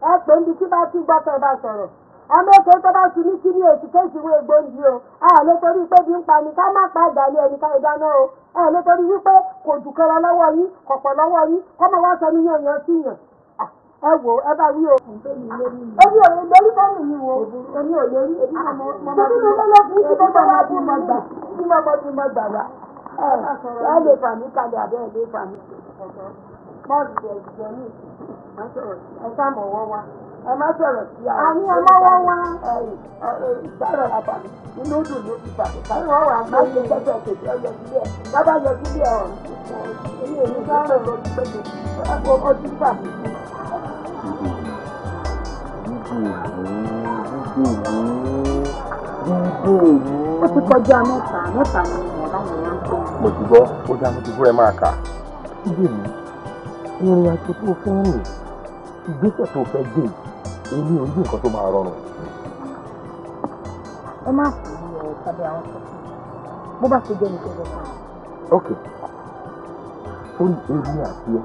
ẹ pé níbi tí bá ti gbọ́ tẹ́ bá sọ̀rọ̀ ọmọ èkó tó bá ti ní kí ní èsì kéèsì wo ègbóǹdì o ẹ ẹ nítorí pé bí ń pa ni ká má pa ìdálé ẹni ká ìdáná o ẹ ẹ nítorí wípé kò jù kẹrọ lọ́wọ́ yín kọ̀pọ̀ lọ́wọ́ yín kọ́mọ wá sọ ní yàn sí yàn ẹ wò ẹ bá bọ́ọ̀lù àní ẹ mọ́wọ́ wá. ìgbàrọ̀ àbàmì inú dùn ló ti bàbá. káyọ̀ wọ́n wà gbé ilé tẹ́tẹ́ kejì ọyọ sílẹ̀ bàbá yọ sílẹ̀ ọ̀hún. èyí èmi sọ̀rọ̀ ló ti péjọ ẹ̀kọ́ ọtí bà. ó ti kọjá mẹ́ta mẹ́ta ni ọ̀rọ̀ mi ń pè. mo ti gbọ́ ó dáa mo ti fúnra ẹ̀ máa kà. ibi mi ìrìn àjò tó fẹ́ rìn ìgbésẹ̀ tó fẹ́ gbé èmi ò rí nǹkan tó máa rọrùn. ẹ má fi ẹ tàbí àwọn sọ̀tún bó bá ṣe jẹ́ ní kẹ́kẹ́ náà. ok torí èmi àti ẹ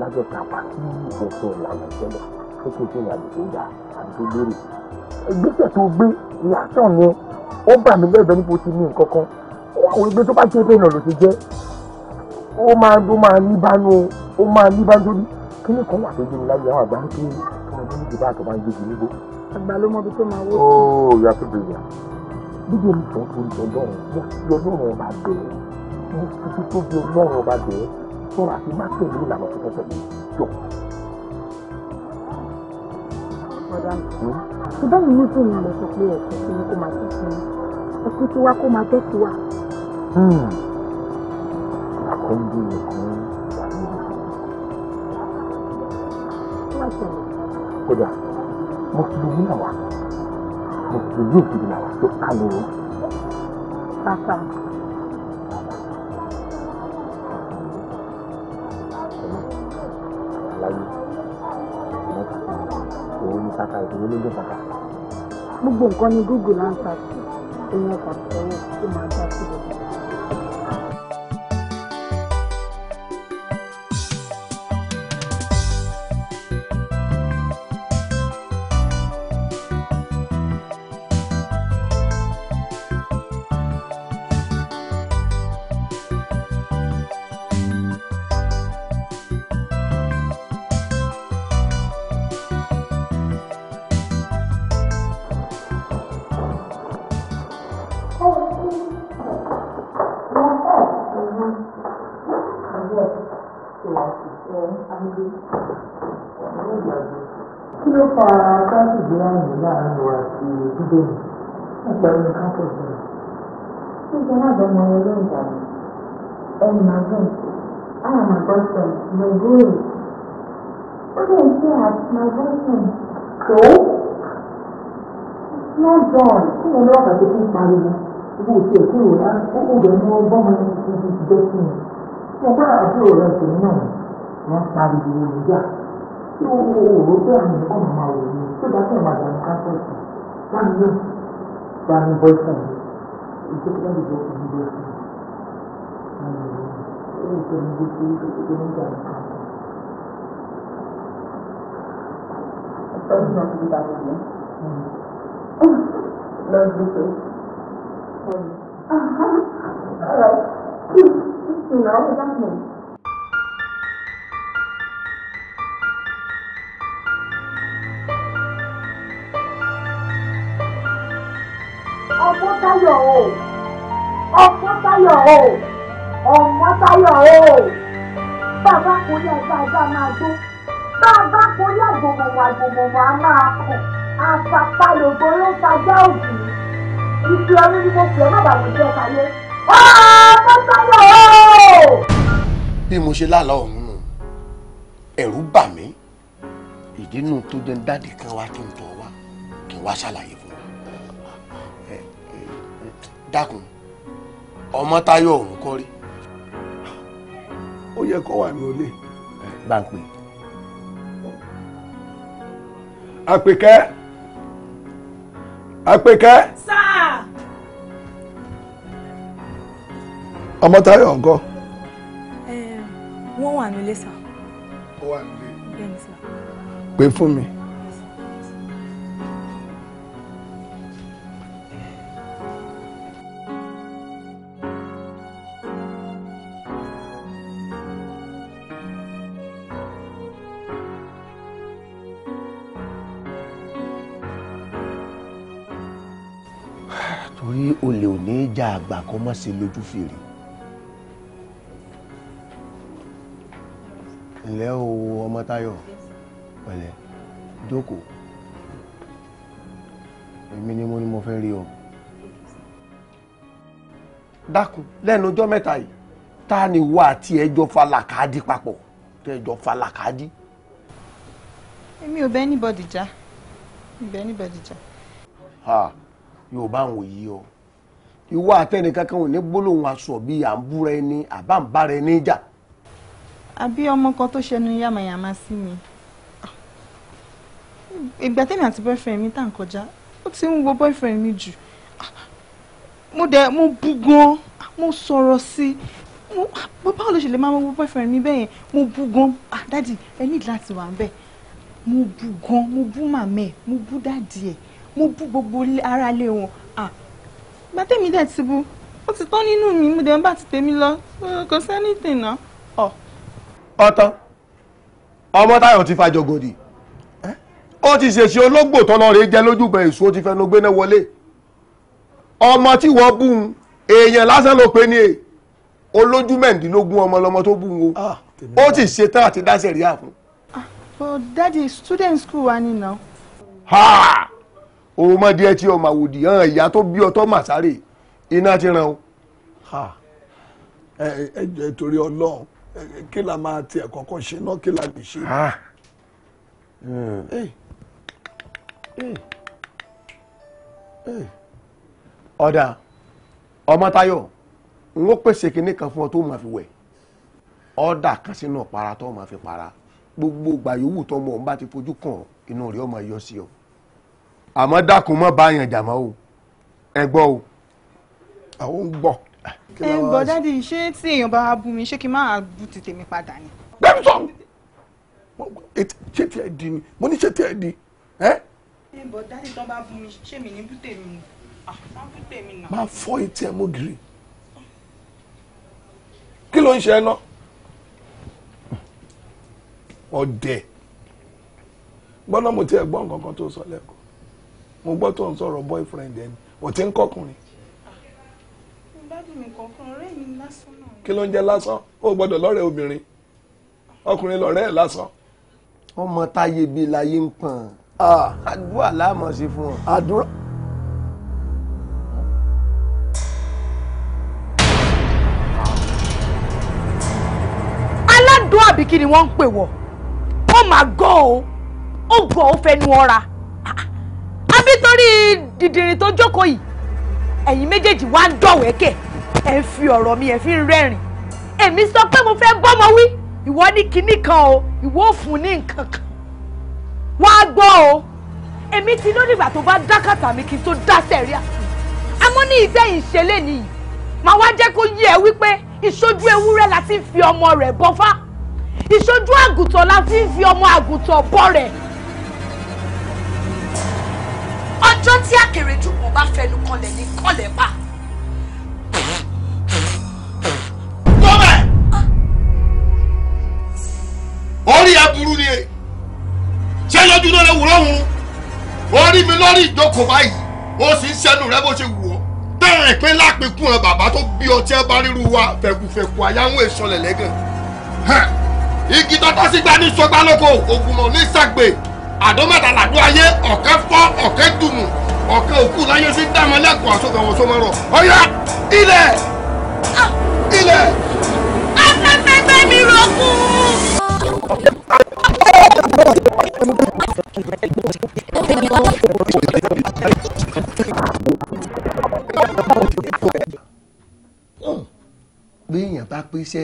lájọ tàpá sí òfin ìlànà ìṣẹ̀lẹ̀ tó kí n ṣe ìrìn àjò tó yà àti tó lérè ìgbésẹ̀ tó gbé ìyàtọ̀ yẹn ó bà mí lẹ́bẹ̀ẹ́ níbo ti ní nǹkan kan àwọn ìgbésẹ̀ tó bá jẹ́ bẹ́ẹ̀ náà ló ti jẹ́ ó máa ló máa ní bánú ó máa ní lórí kí ni kan wà tó jẹ́ mi láyé àwọn àgbà ń pè é fún ọdún méjì bá àtọ̀ máa ń gbé jù nígbó. àgbà ló mọ ibi tó máa wó. ooo oh, ìyá tó bẹ̀rẹ̀ yà bíbí mi tó ń torí ọlọ́run mo fi ọlọ́run ọba bẹ̀ẹ́ mo fi tó bí ọlọ́run ọba bẹ̀ẹ́ sọ̀rọ̀ àti má tẹ̀lé ìlànà tó tẹ̀lé jọ. ọ̀dà ṣùgbọ́n hmm? ní fún mi lọ sọ pé ẹ̀sìn tí mo kó máa tẹ̀sí ẹ̀sìn tiwa kó máa tẹ̀sí kọjú nìkan wà níbi. kódà mùsùlùmí là wà mùsùlùmí ògidì là wà tó ká lóró. bàbá gbogbo nǹkan ni google answer sí èèyàn kan. yẹn l o ́ w ọ h kàtó fún pariwo ibi òsì èkó rò á o kò bẹ̀rẹ̀ ní w o ́ n bọ́mọ ibi ìdẹ́ sí i fún ọgbà àbúrò rẹ̀ tó náà wọ́n pariwo ìjà tí ó wò ó bẹ́ẹ̀ àmì ẹ̀kọ́ màmá wò ni tó bá tẹ̀ wàdà ní káfíńsì wọ́n ní wọ́n ní boyfriend ìjọba ì o o b o o j o o a o o y o o i o o d o o è o o ̀ o o gbèsè ìjọba ìjọba ìjọba Thank you. lên với chị ừ. chị nói cho chắc mình ọmọ Táyọ̀ o ọmọ Táyọ̀ o ọmọ Táyọ̀ o bàbá kò yẹ ẹgbẹ ẹgbẹ máa jó bàbá kò yẹ àgbòmọ̀wọ̀ àgbòmọ̀wọ̀ á máa kàn. àṣàpalògbò ló ń sajá òbí ìfi ọdún ní mo fi ọ má bàa wò jẹ sáyé ọmọsáyọ. bí mo ṣe lálàá ọ̀hún nù ẹ̀rù bà mí ìdínú tó jẹ́ ń dáàdì kan wá tó ń tọ̀ wá kí n wá ṣàlàyé fún wa dákun ọmọ táyọ̀ ọ̀hún kọ́ rí. ó yẹ kó wà ní olè. bá ń pè. àpèkẹ́. Àpèkẹ́. Sáà. Ọmọ Táyọ̀ ńkọ́. Wọ́n wà nílé sà. Ó wà nílé. Bẹ́ẹ̀ni sà. Pè fún mi. torí olè ò ní já àgbà kó má ṣe lójú fèrè. ǹlẹ́ o ọmọ táyọ̀ pẹ̀lẹ́ jókòó èmi ni mo ní mo fẹ́ rí ọ. dákun lẹ́nu ọjọ́ mẹ́ta yìí ta ni wà àti ẹjọ́ falakadi papọ̀ tẹ́jọ́ falakadi. èmi ò bá anybody jà ò bá anybody jà yorùbá àwọn òyì ọ ìwọ àtẹni kankan ò ní gbólóhùn aṣọ bíi à ń búra ẹni àbá ń bára ẹni jà. àbí ọmọ kan tó ṣẹnu yàmàyàmà sí mi ìgbà tẹ́mi àti boyfriend mi tá à ń kọjá ó ti ń wo boyfriend mi jù mo dẹ̀ mo bú gan mo sọ̀rọ̀ sí mo báwo ló ṣe lè máa mọ boyfriend mi bẹ́yẹn mo bú gan ah dádì ẹ ní láti wà ń bẹ̀ mo bú gan mo bú màmẹ́ mo bú dádì ẹ̀ mo bú gbogbo ara lé wọn gbàtẹ́mi dẹ̀ ti bú ó ti tán nínú mi mo dẹ̀ ń bá ti tèmi lọ kò sẹ́ni tènà. ọtán ọmọ táyọ̀ ti fàjọ gòdì ó ti ṣèṣe ológbò tọ́lọ́ rẹ̀ jẹ́ lójúbẹ̀ èso ti fẹnu gbéná wọlé ọmọ tí wọ́n bú un èèyàn lásán ló pe ní e olójú mẹ́ǹdínlógún ọmọ lọmọ tó bú un o ah, ó ti ṣe tán àti dáṣẹ̀ rí àfún. Ah, but daddy student school wa ni na òròmọdé tí ọmọ àwòdì hàn ìyá tó bí ọtọ màsáré iná ti ràn ó. ẹ ẹ torí Ọlọ́run kí la máa tiẹ̀ kọ́kọ́ ṣe náà kí la lè ṣe. Eh. Eh. Eh. ọ̀dà ọmọ Táyọ̀ n ó pèsè kinní kan fún ọ tó máa fi wẹ̀ ọ̀dà kan sínú ọ̀para tó máa fi para gbogbo ìgbà yòówù tó ọmọ ọ̀hún bá ti fojú kàn inú rẹ̀ ọmọ yọ sí ọ àmọ́ dákun mọ́ bá yàn jàmọ́ o ẹ gbọ́ o àwọn ń gbọ́. ẹ ń gbọ́ dáàdi ṣé tí èèyàn bá bú mi ṣé kí n máa bú ti tèmi padà ni. bẹ́ẹ̀ sọ ṣé tí ẹ di ni mo ní ṣé tí ẹ di. ẹ ń bọ̀ dáàdi tán bá bú mi ṣé mi ní bú tèmi ni bú tèmi nà. máa fọ etí ẹ mọ́ gírí kí ló ń ṣe ẹ náà ọdẹ gbọ́dọ̀ mo ti ẹ̀ gbọ́ nǹkan kan tó sọ lẹ́kọ̀ọ́ mo gbọ́ tó ń sọ̀rọ̀ boyfriend ẹni ò ti ń kọkùnrin. kí ló ń jẹ́ lásán ó gbọ́dọ̀ lọ́rẹ̀ obìnrin ọkùnrin lọ́rẹ́ ẹ̀ lásán. ọmọ táyé bíi láyé ń pọ̀n ah. Ah, àdúrà láàmọ̀ sí fún ọ. àdúrà. aládùn àbí ni wọ́n ń pè wọ́ oh ó máa gọ́ ọ ó gọ́ ọ fẹ́ nu ọ́ra ṣebí torí dìdìrín tó jókòó yìí ẹ̀yin méjèèjì wá ń dọ̀wẹ́kẹ̀ ẹ̀ ń fi ọ̀rọ̀ mi ẹ̀ fi ń rẹ́rìn èmi sọ pé mo fẹ́ bọ́mọ wí ìwọ ní kinní kan o ìwọ ò fún ní nǹkan kan wá gbọ́ o èmi ti lórí ìgbà tó bá dákàtà mi kí n tó dá sẹ̀ríà àmọ́ ní ìgbẹ́yìn ìṣẹ̀lẹ̀ nìyí màá wá jẹ́ kó yé ẹ wípé ìṣojú ewúrẹ́ la ti ń fi ọmọ rẹ̀ bọ́fá ìṣojú àgùntàn la ti ń fi ọmọ àgùntàn bọ́ rẹ̀ ọjọ́ tí àkèrèjú kan bá fẹnu kanlẹ̀ ní kanlẹ̀ pa. gbọ́bẹ̀ orí aburú ni e ṣé lójú náà lè wúrọ̀ òun orí mi lórí ìjókòó báyìí ó sì ń ṣẹnu rẹ bó ṣe wù ọ́ bẹ́ẹ̀ pé lápẹ̀kún ẹ bàbá tó bí ọtí ẹ bá ríru wa fẹ̀kùfẹ̀kù àyáwó ìṣọlẹ̀ lẹ́gàn igi tọ́tọ́ sí gbani sọgbà lóko ògùnmọ̀ ní sàgbè àdómẹ́ta làdó ayé ọ̀kẹ́ fọ́ ọ̀kẹ́ dùnmù ọ̀kẹ́ òkú láyé sí dámọ́ lẹ́kọ̀ọ́ àsọ̀gbọ̀n sọmọ́rọ̀ ọ̀yá ilẹ̀ ilẹ̀. afẹ́fẹ́ gbẹ́mí rọ́kù. béèyàn bá pèsè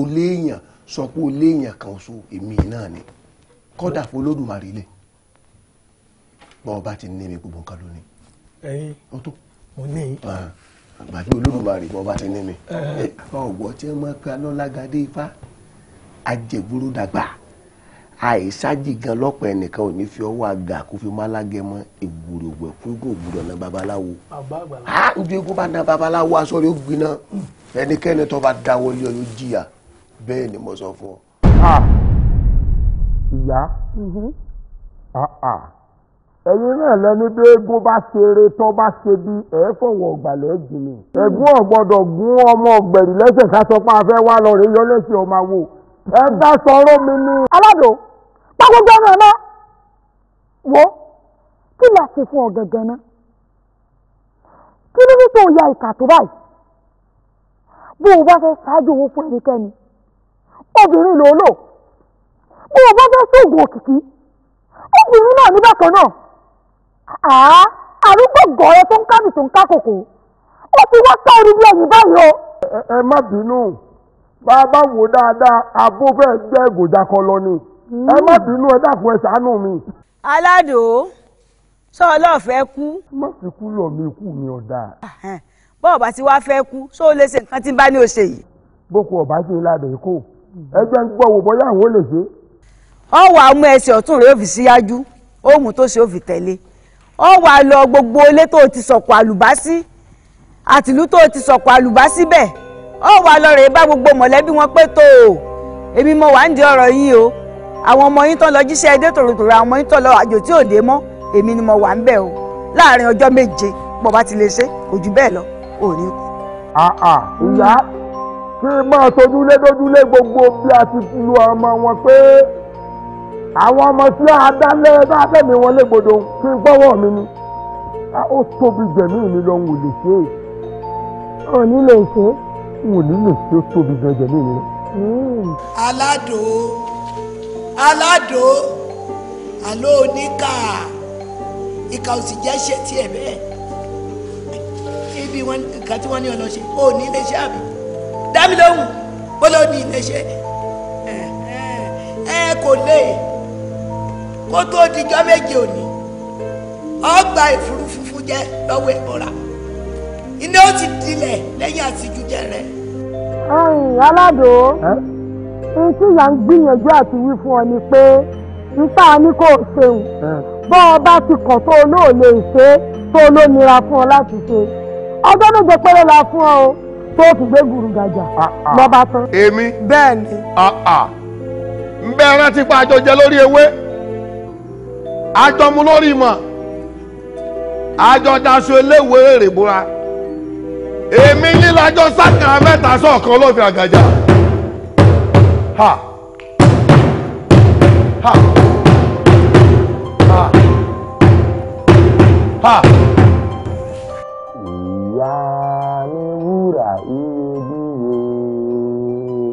oléèyàn sọ pé oléèyàn kan so èmi náà ni kọ́dà fún olódùmarè lẹ̀ bọ́ ọba ti ní mi gbogbo nǹkan lónìí. ẹyin o tó mo ní yín. Ah, àgbàdo olódùmarè bọ́ ọba ti ní mi. Eh. Eh, ọ̀gbọ́ tí ẹ máa ka lọ́lágadé ifá ajẹ́gbúrú dàgbà àìsájì gan lọ́pọ̀ ẹnìkan ò ní fi ọwọ́ àgà kó fi má lágẹmọ ègbùrò ògbẹ̀kún kò gbúdọ̀ na babaláwo. a ń bí egun bá na babaláwo aṣọ rẹ̀ ó gbiná hmm. ẹnikẹ́ni tó bá dáwọ́ lé ọ yóò jìyà bẹ́ẹ̀ ni mo sọ fún ọ. Ah ìyá mm-hmm. ah, ah. ẹ̀yin náà lẹni pé egun bá ṣeré tán bá ṣe bí ẹ fọwọ́ ọ̀gbàlẹ̀ jìnnì. Mm-hmm. ẹ̀gún ọ̀gbọ́dọ̀ gún ọmọ ọ̀gbẹ̀rì lẹ́sẹ̀ sásọpá afẹ́ wá lọ rèé yọlẹ́sẹ̀ ọmọ àwò ẹ bá sọ̀rọ̀ mi ni. aládò pápákọ̀ náà lọ wo kí la ṣe fún ọ gẹ́gẹ́ náà kí ló ní o ya ìkà tó báyìí bó o bá fẹ́ ṣáájú owó fún ẹnikẹ́ni obìnrin lòó lò bó o bá fẹ́ sóògùn òkìkí obìnrin náà ní bákan náà àá àrùgbò gọ̀ọ́rẹ́ tó ń kábì tó ń ká kòkó ó ti wá sá orí bí ẹ̀yìn báyìí o. ẹ má bínú bá a bá wò dáadáa àbó fẹ́ẹ́ gbẹ́ gòjà kan lọ ni ẹ má bínú ẹ dákun ẹ ṣàánú mi. aládò sọ ọlọ́ọ̀fẹ́ kú. má ti kú lọ mi kú mi ọ̀dà. bọ́ọ̀ bá ti wá fẹ́ kú só o lè ṣe nǹkan tí n bá ní o ṣe yìí. boko ọba ṣe ládàá èkó ẹgbẹ́ ń gbọ́ wò bọ́yá àwọn ò lè ṣe é ọ wàá mú ẹsẹ̀ ọ̀tún rẹ̀ ó fi síyájú ó mú tó ṣe ó fi tẹ̀lé ọ wàá lọ gbogbo ilé tó ti sọ̀kò àlùbásí àtìlú tó ti sọ̀kò àlùbásí bẹ́ẹ̀ ọ wàá lọ rèé bá gbogbo mọ̀lẹ́bí wọn pé tó o èmi mo wà ń di ọ̀rọ̀ yín o àwọn ọmọ yín tán lọ jíṣẹ́ ẹdẹ tòrótòrò àwọn ọmọ yín tán lọ àjò tí ò dé mọ́ èmi ni mo wà ń bẹ̀ o láàrin ọjọ́ méje bó bá ti lè ṣe kò jù bẹ́ẹ̀ lọ ò ní kú. ìyá kí n máa tojúlé dójúlé gbogbo bí a ti lu ọmọ wọn pé àwọn ọmọ tí a dálé bá bẹ̀mí wọn légbodò kí n gbọ́wọ́ mi ni ó tóbi gbẹ̀mí mi lọ ń wò lè ṣe é. òní lè ṣe. òní lè ṣe ó tóbi gbẹ̀mí mi lọ. Hmm. aládò aládò àló oníkà ìkà òsì jẹ́ ṣe tiẹ̀ bẹ́ẹ̀ ibi wọn nǹkan tí wọ́n ní ọ̀nà ṣe òní lè àbí dámi lóhùn bọ́lá òní lè ṣe ẹ ẹ kò lè kó tó dijọ́ méje òní ọgbà ìfuru funfun jẹ lọ́wọ́ ìbora iná ó ti dilẹ̀ lẹ́yìn àtijújẹ rẹ. ẹ̀yin aládò ohun tí ìyá ń gbìyànjú àti wí fún ọ ni pé nípa ni kò ṣeun bọ́ ọ bá ti kàn tó olóòlè ṣe tó olómìnira fún ọ láti ṣe ọjọ́ méje péré la fún ọ o tó fi gbé gùrùgàjà ah, ah. lọ́ba tán. èmi bẹ́ẹ̀ ni. ń ah, bẹ́ẹ̀ rántí pa àjọjẹ lórí ewé àjọ mu lórí mọ̀ àjọ daṣọ eléwo èrè búra èmi nílájọ sákàrà mẹ́ta sọ̀kan ló àgàjà ha ha ha ha. ìyá mi wúrà iyebíye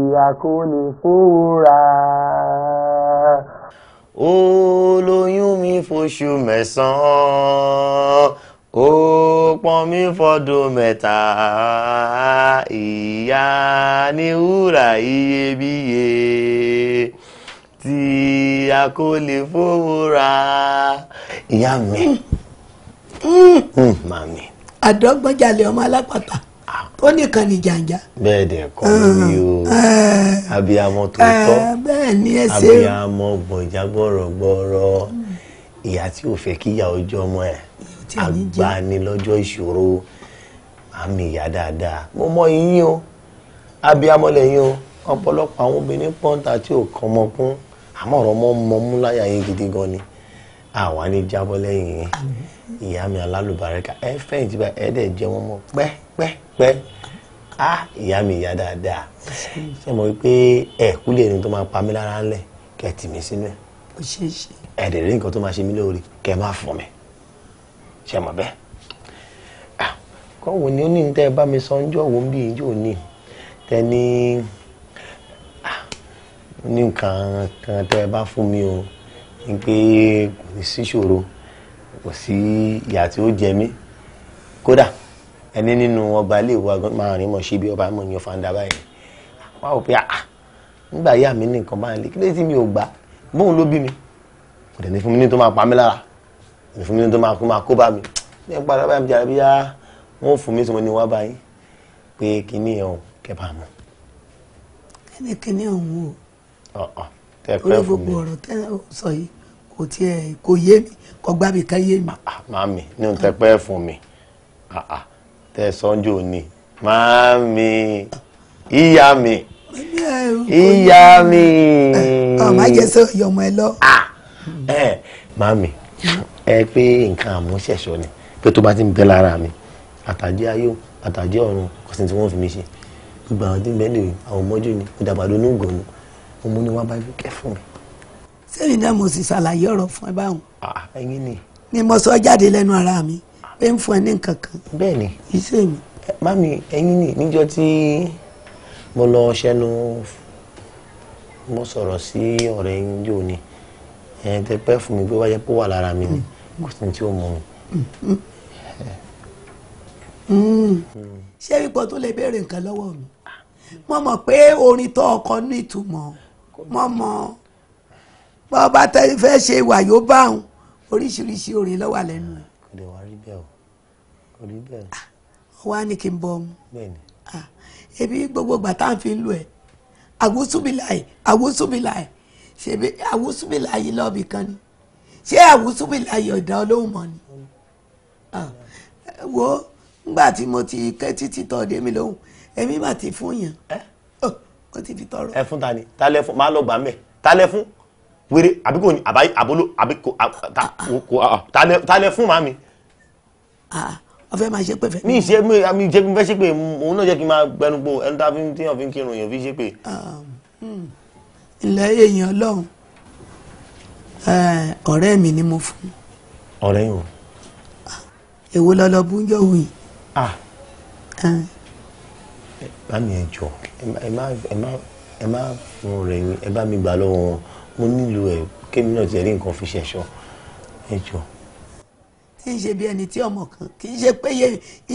ìyá olóyún mi fóṣù mẹ́sàn-án ó pọn mi fọdún mẹ́ta ìyá ní wúrà iyebíye tí a kò lè fowó ìyá mi mm. hmm, màmí. àdọ́gbọ́njalè ọmọ alápàtà ó nìkan ní jàǹjà. bẹ́ẹ̀ dẹ̀ kọ́ mi o ah. abiyamọ tó tọ́ ah, abiyamọ gbọ̀njà gbọ̀rọ̀gbọ̀rọ̀ ìyá tí ò fẹ́ kíyà ọjọ́ ọmọ ẹ̀ àgbà ìṣòro àmì ìyá dáadáa mo mọ iyín o abiyamọ lẹ́yìn o ọ̀pọ̀lọpọ̀ àwọn obìnrin pọ́ńtà tí ò kọ́ ọmọkún àmọ́ ọ̀rọ̀ ọmọ mọ́mú yín gidi gan ni àwa ní jábọ́ lẹ́yìn yẹn ìyá mi alálùbáríkà ẹ fẹ́yìn tí bá ẹ dẹ̀ jẹ́ wọn mọ́ pẹ́pẹ́pẹ́ á ìyá mi ìyá dáadáa ṣe mọ̀ wípé ẹ kúlẹ̀ ẹni tó máa pa mí lára ńlẹ̀ kẹ́ tì mí sínú ẹ̀ ẹ dẹ̀ rí nǹkan tó máa ṣe mí lóore kẹ́ má fọ̀ mí ṣe mọ̀ bẹ́ẹ̀ kọ́wọ́ ni ó ní tẹ́ ẹ bá mi sọ ọjọ́ wo ń bí ìjọ ní tẹ́ ní ní nǹkan kan tẹ́ ẹ bá fún mi o ń pé kò ní sí ìṣòro kò sí ìyà tí ó jẹ mí kódà ẹni nínú ọba ilé ìwà máa rìn mọ̀ ṣe bí ọba mọ̀ ní ọ̀fà ń dábàá yẹn pé àà ah, nígbà yá mi ní nǹkan bá ń lé kí lè tí mi ò gbà bóun ló bí mi kò dẹ̀ ní fún mi ní tó máa pa mí lára kò ní fún mi ní tó máa kó bá mi ní ẹ̀ padà báyìí jàre bíyá ah, wọ́n fún mi tí mo ní wá báyìí pé kíní ẹ̀ ọ̀hún kẹfà mọ́. ẹni kíní ọ̀hún o orí gbogbo ọ̀rọ̀ tẹ́ ọ sọ yìí kò tiẹ̀ kò yé mi kò gbá mi kan yé mi. Ah, ah, màámi ní o tẹ pẹ́ fún mi ah, tẹ sọ́njọ́ ni màámi iya mi iya mi. ọmọ àjẹsọ ìyọmọ ẹ lọ. màámi ẹ pé nǹkan àmúṣẹ̀ṣọ ni pé tó bá ti ń bẹ lára mi àtàjẹ́ ayọ̀ àtàjẹ́ ọ̀run kò sí tí wọ́n fi mi ṣe gbogbo àwọn tí ń bẹ́ẹ̀ lè àwọn ọmọjú ni ìdàgbàdo ní ògùn ni ọmọ ni wọ́n bá fi kẹ́ fún mi sẹ́yìn náà mo sì ṣàlàyé ọ̀rọ̀ fún ẹ báwọn. Ah, ah, ẹ̀yin ni. ni mo sọ jáde lẹ́nu ara mi pé ń fún ẹ ní nǹkan kan. bẹ́ẹ̀ni iṣẹ́ mi. Eh, mami ẹ̀yin ni níjọ́ tí mo lọ ṣẹnu mo sọ̀rọ̀ sí ọ̀rẹ́ yín jò ni ẹ tẹ pẹ fún mi pé wáyé pé wà lára mi ni mm. kò sí tí ó mọ mi. Mm, mm. ṣé ipò tó lè béèrè nǹkan lọ́wọ́ mi ah. mo mọ̀ pé orin tó ọkọ ní ìtumọ̀ mo mọ̀ bàbá tẹ fẹ́ ṣe wàyó bá òun oríṣiríṣi orin ló wà lẹ́nu ẹ̀. kò lè wá rí bẹ́ẹ̀ o kò rí bẹ́ẹ̀. ó wá ní kí n bọ ọmú. bẹ́ẹ̀ni. ebi gbogbo ìgbà tá à ń fi ń lu ẹ̀ àwùsùbìláì àwùsùbìláì ṣèbí àwùsùbìláì lọ́ọ̀bì kan ni ṣé àwùsùbìláì ọ̀dà olóhùn mọ́ ni. wo ngbà tí mo ti kẹ́ títí tọ́ dé mi lóhùn èmi mà ti fún yàn ẹ fún ta ni ta lẹ fún máa lọ gbà mẹ ta lẹ fún wéré àbí kò ní àbáyé àbóló àbí kò ta lẹ fún màmí. ọfẹ máa ṣe pé fẹ. mi ṣe mi mi jẹ mi fẹ ṣe pé òun náà jẹ kí n máa gbẹnu gbó ẹni tá a fi ń kírun èèyàn fi ṣe pé. Hmm, ilẹ̀ èèyàn lọ́hùn ọ̀rẹ́ mi ni mo fún. ọ̀rẹ́ yìí o. èwo lọlọ búnjọ wù yìí. bá mi ẹ jọ ẹ má ẹ má ẹ má fún rẹ ẹ bá mi gbà lọ́wọ́ wọn mo nílò ẹ̀ kémi náà tẹ̀lé nǹkan fi ṣẹ̀ṣọ́ ẹ jọ. tí ń ṣe bí ẹni tí ọmọ kan kì í ṣe pé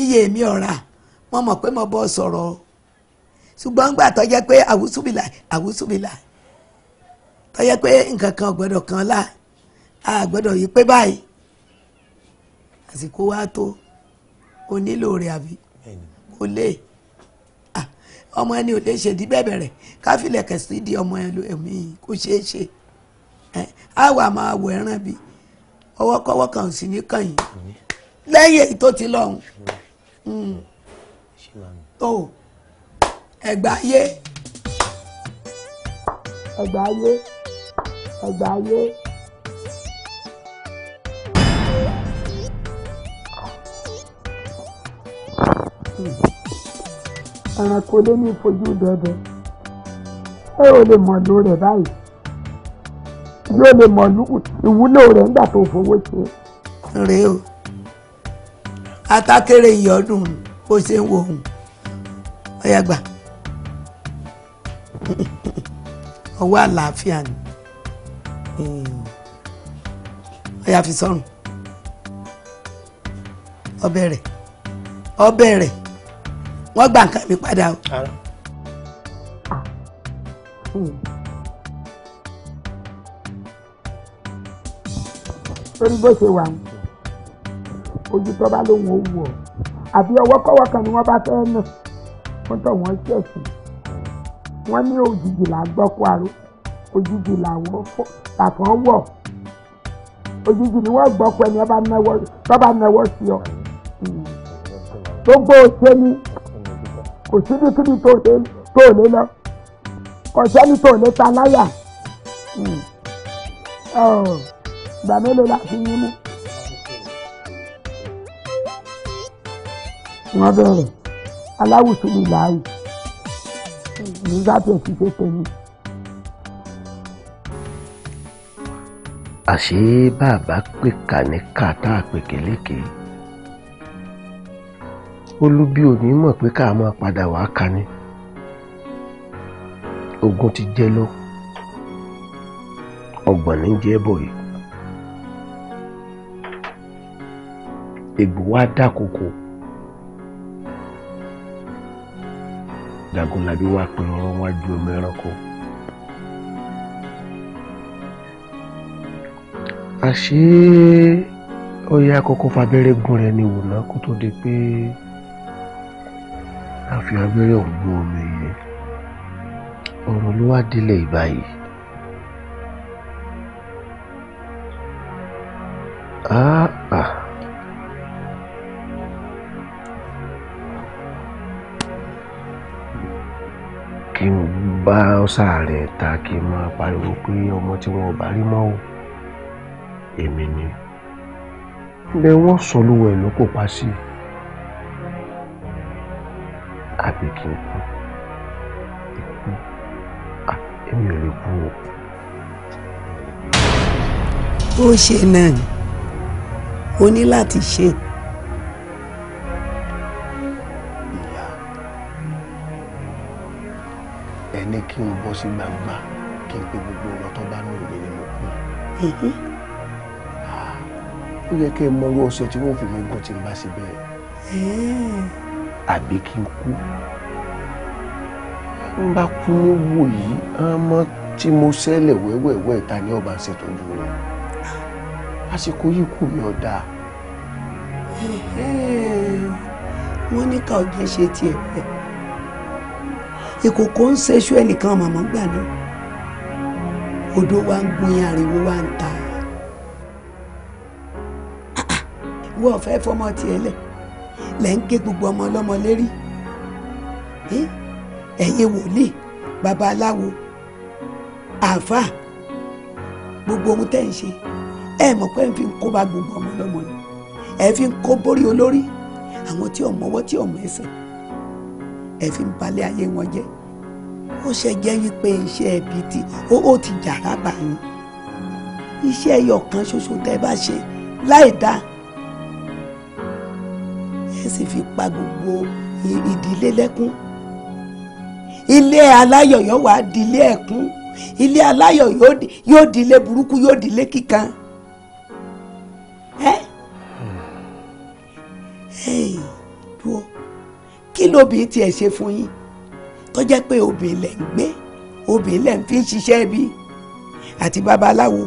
iye mi ọ̀ra mo mọ̀ pé mo bọ́ sọ̀rọ̀ ṣùgbọ́n ńgbà tó jẹ́ pé àwùsùbìlà àwùsùbìlà tó jẹ́ pé nǹkan kan gbọ́dọ̀ kan lá a gbọ́dọ̀ yí pé báyìí àsìkò wa tó o nílò rẹ̀ àbí o lè ọmọ ẹni ò lè ṣe di bẹ́ẹ̀ rẹ̀ káfílẹ̀ kẹ̀sì di ọmọ ẹlòmí kò ṣeé ṣe á wà máa wọ ẹran bí ọwọ́kọ́wọ́ kan sì ní kàn yín lẹ́yìn èyí tó ti lọ́hùn tó hmm. ẹgbàáyé ẹgbàáyé ẹgbàáyé. ẹranko lé ní fojú dẹdẹ ẹ ò lè mọ̀ lò rẹ̀ báyìí yóò lè mọ̀ ìwúlò rẹ̀ nígbà tó fowó ṣe. rèé o atákéré ìyọdún bó ṣe ń wo òun ọyà gbà ọwọ́ àlàáfíà ni ọyà fi sọ́run ọbẹ̀ rẹ̀ ọbẹ̀ rẹ̀ wọ́n gba nǹkan mi padà o. torí bó ṣe wà ojú tó bá lóun ó wù àbí ọwọ́kọ́wọ́ kan ni wọ́n bá fẹ́ nà wọ́n tọ̀ wọ́n ṣẹ̀sì wọ́n ní òjijì là gbọ́kọ àrò òjijì làwọn wọ̀ òjijì ni wọ́n gbọ́kọ ẹni tó bá náwó sí ọ gbogbo òṣèlú kò síbi kíbi tó lé tó lé lọ kò sẹ́ni tó lé ta láyà hmm. oh, ìgbà mélòó la fi yín mú. wọ́n bẹ̀rẹ̀ aláwùsùn mi láàyè nígbà tó ti ṣe tẹ̀yìn. àṣé bàbá pè kà ní kàtà pèkélékèé ó lú bí òní mọ̀ pé ká máa padà wàá ka ni ogun ti jẹ́ lọ ọgbọ̀n ní jẹ́ bọ̀ yìí egbò wa dákòókò jagunlabi wa pinnu ọ̀rọ̀ wa ju omi ẹranko àṣé ó yẹ àkọ́kọ́ fabẹ́rẹ́ gún rẹ ní ìwòná kó tó di pé. Pe a fi abẹ́rẹ́ ọ̀hún gbọ́ omi yìí ọ̀rọ̀ ló wá délé báyìí. Ah, ah. kí n bá sáàrẹ̀ ta kí n máa pariwo pé ọmọ tí wọn ò bá rí mọ́ o èmi ni. bẹ́ẹ̀ wọ́n sọ lówó ẹ̀ ló kópa sí i. pé kí n kú ikú à ah, èmi ò lè kú o. ó ṣe náà ni ó ní láti ṣe. ìyá ẹni kí n bọ́ sí gbangba kí n pe gbogbo ọ̀rọ̀ tó bá nù mí ni kú. Ah, ó yẹ kí n mọ irú ọṣẹ tí wọ́n fi mí gùn tí n bá ṣe bẹ́ẹ̀ àbí kí n kú n bá kú níwò yìí ọmọ tí mo ṣẹlẹ̀ wẹ́wẹ́wẹ́ ta ni ọba ṣètọ́jú rẹ̀ àsìkò yìí kù mí ọ̀dà. wọ́n ní ká ọjọ́ ṣe tiẹ̀ pẹ́ ìkòkò ń ṣe ṣú ẹnìkan màmá gbà náà odò wa ń gbóyin ariwo wa ń ta wọ́n fẹ́ fọmọ tiẹ̀ lẹ̀ lẹ́ ń gé gbogbo ọmọ ọlọ́mọ lérí ẹ̀yin wòlíì babaláwo àáfàá gbogbo ohun tẹ́ ń ṣe ẹ mọ̀ pé ẹ fi ń kó bá gbogbo ọmọ ọlọ́mọ ni ẹ fi ń kó bórí olórí àwọn tí ọmọ ọwọ́ tí ọmọ ẹsẹ̀ ẹ fi ń balẹ̀ ayé wọn jẹ́ ó ṣe jẹ́ wípé iṣẹ́ ẹbí tí ó ti jà rábà yín iṣẹ́ ẹyọ ṣoṣo tẹ́ bá ṣe láì dáa sì fi pa gbogbo ìdílé lẹ́kún ilé aláyọ̀ yóò wá dilé ẹ̀kún ilé aláyọ̀ yóò dilé burúkú yóò dilé kíkan ẹ́ ẹ́ dúró kí lóbìnrin tiẹ̀ ṣe fún yín tó jẹ́ pé obìnrin lẹ̀ ń gbé obìnrin lẹ̀ ń fi ṣiṣẹ́ bí àti babaláwo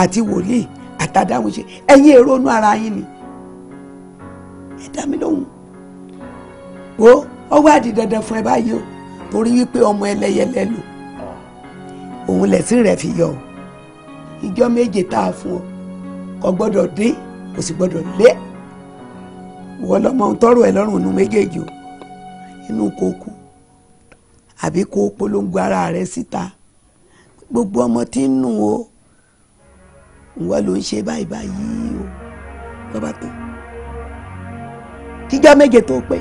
àti wòlíì àtàdáhùn ṣe èrò inú ara yín ni ẹ mi lóhùn wo ọwọ́ àdì fún ẹ báyìí o torí wípé ọmọ ẹlẹ́yẹlẹ́ lò òun lẹ̀sìn rẹ̀ fi yọ ìjọ méje tá a fún ọ kò gbọ́dọ̀ dé kò sì gbọ́dọ̀ lé wọ́n lọ́mọ tọrọ ẹ lọ́rùn inú méjèèjì o inú kò kú àbí kó polongo ara rẹ síta gbogbo ọmọ tí ń nù o ìwọ ló ń ṣe báyìí báyìí o lọ́ba tán kíjọ́ méje tó pé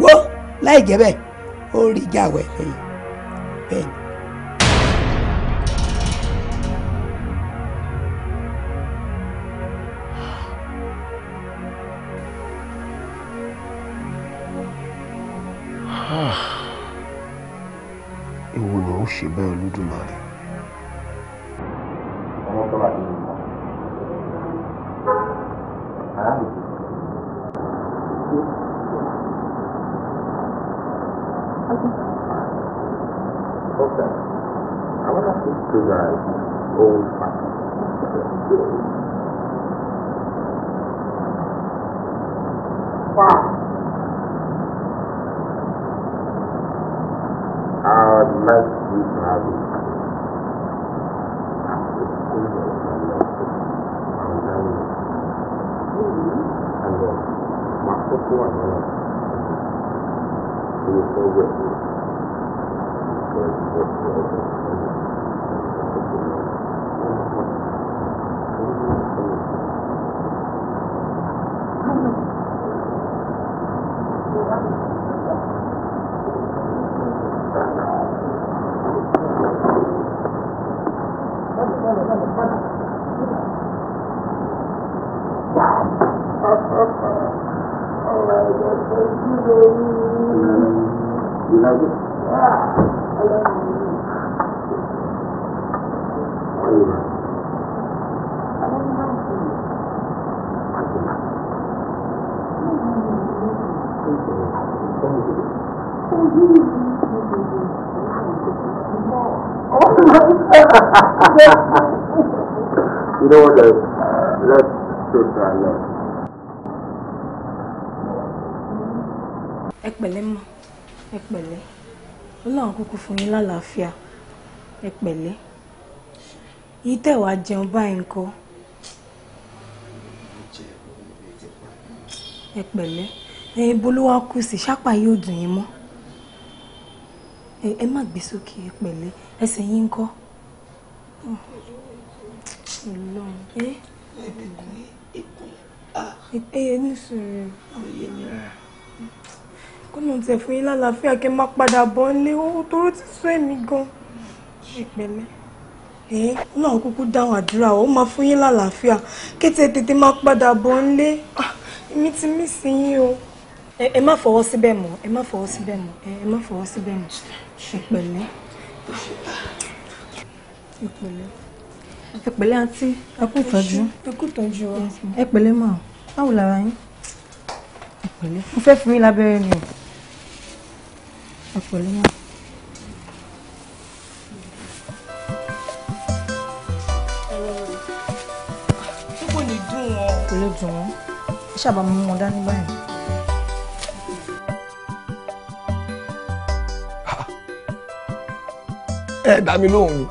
wo láì jẹ́ bẹ́ẹ̀ ó rí jàwẹ́ lẹ́yìn ni. ewu ni ó ṣe bẹ́ẹ̀ Olódùmarè pẹ̀lẹ́ mọ̀ ẹ pẹ̀lẹ́ ọlọ́run kúkú fún yín lálàáfíà ẹ pẹ̀lẹ́ yìí tẹ̀ wá jẹun báyìí ńkọ́ ẹ pẹ̀lẹ́ ẹyin bolówá kù sí sápá yóò dùn yín mọ́ ẹ má gbé sókè ẹ ẹsẹ̀ yín ńkọ́ ọlọ́run ẹ ẹ ní sùúrù kó lóun tẹ̀ fún yín lálàáfíà kẹ́ máa padà bọ̀ nílé owó toró ti sún èmi gan ṣèpẹ̀lẹ́ ẹ Ọlọ́run kúkú dáhùn àdúrà ó máa fún yín lálàáfíà kété tètè máa padà bọ̀ nílé ah, èmi ti mí sí yín o ẹ má fọwọ́ síbẹ̀ mọ́ ẹ má fọwọ́ síbẹ̀ mọ́ ẹ má fọwọ́ síbẹ̀ mọ́ ṣèpẹ̀lẹ́ ìpẹ̀lẹ́ ẹ pẹ̀lẹ́ àǹtí ẹ kú ìtọ́jú ẹ kú ìtọ́jú wa ẹ pẹ̀lẹ́ mà báwo lára yín ẹ pẹ̀lẹ́ mo fẹ́ fún yín lábẹ́rẹ́ ni o ọ̀pọ̀lọpọ̀. níbo ni dùn wọn. kò lè dùn wọn ẹ ṣáà bá mú wọn dání báyìí. ẹ dá mi lóhùn ni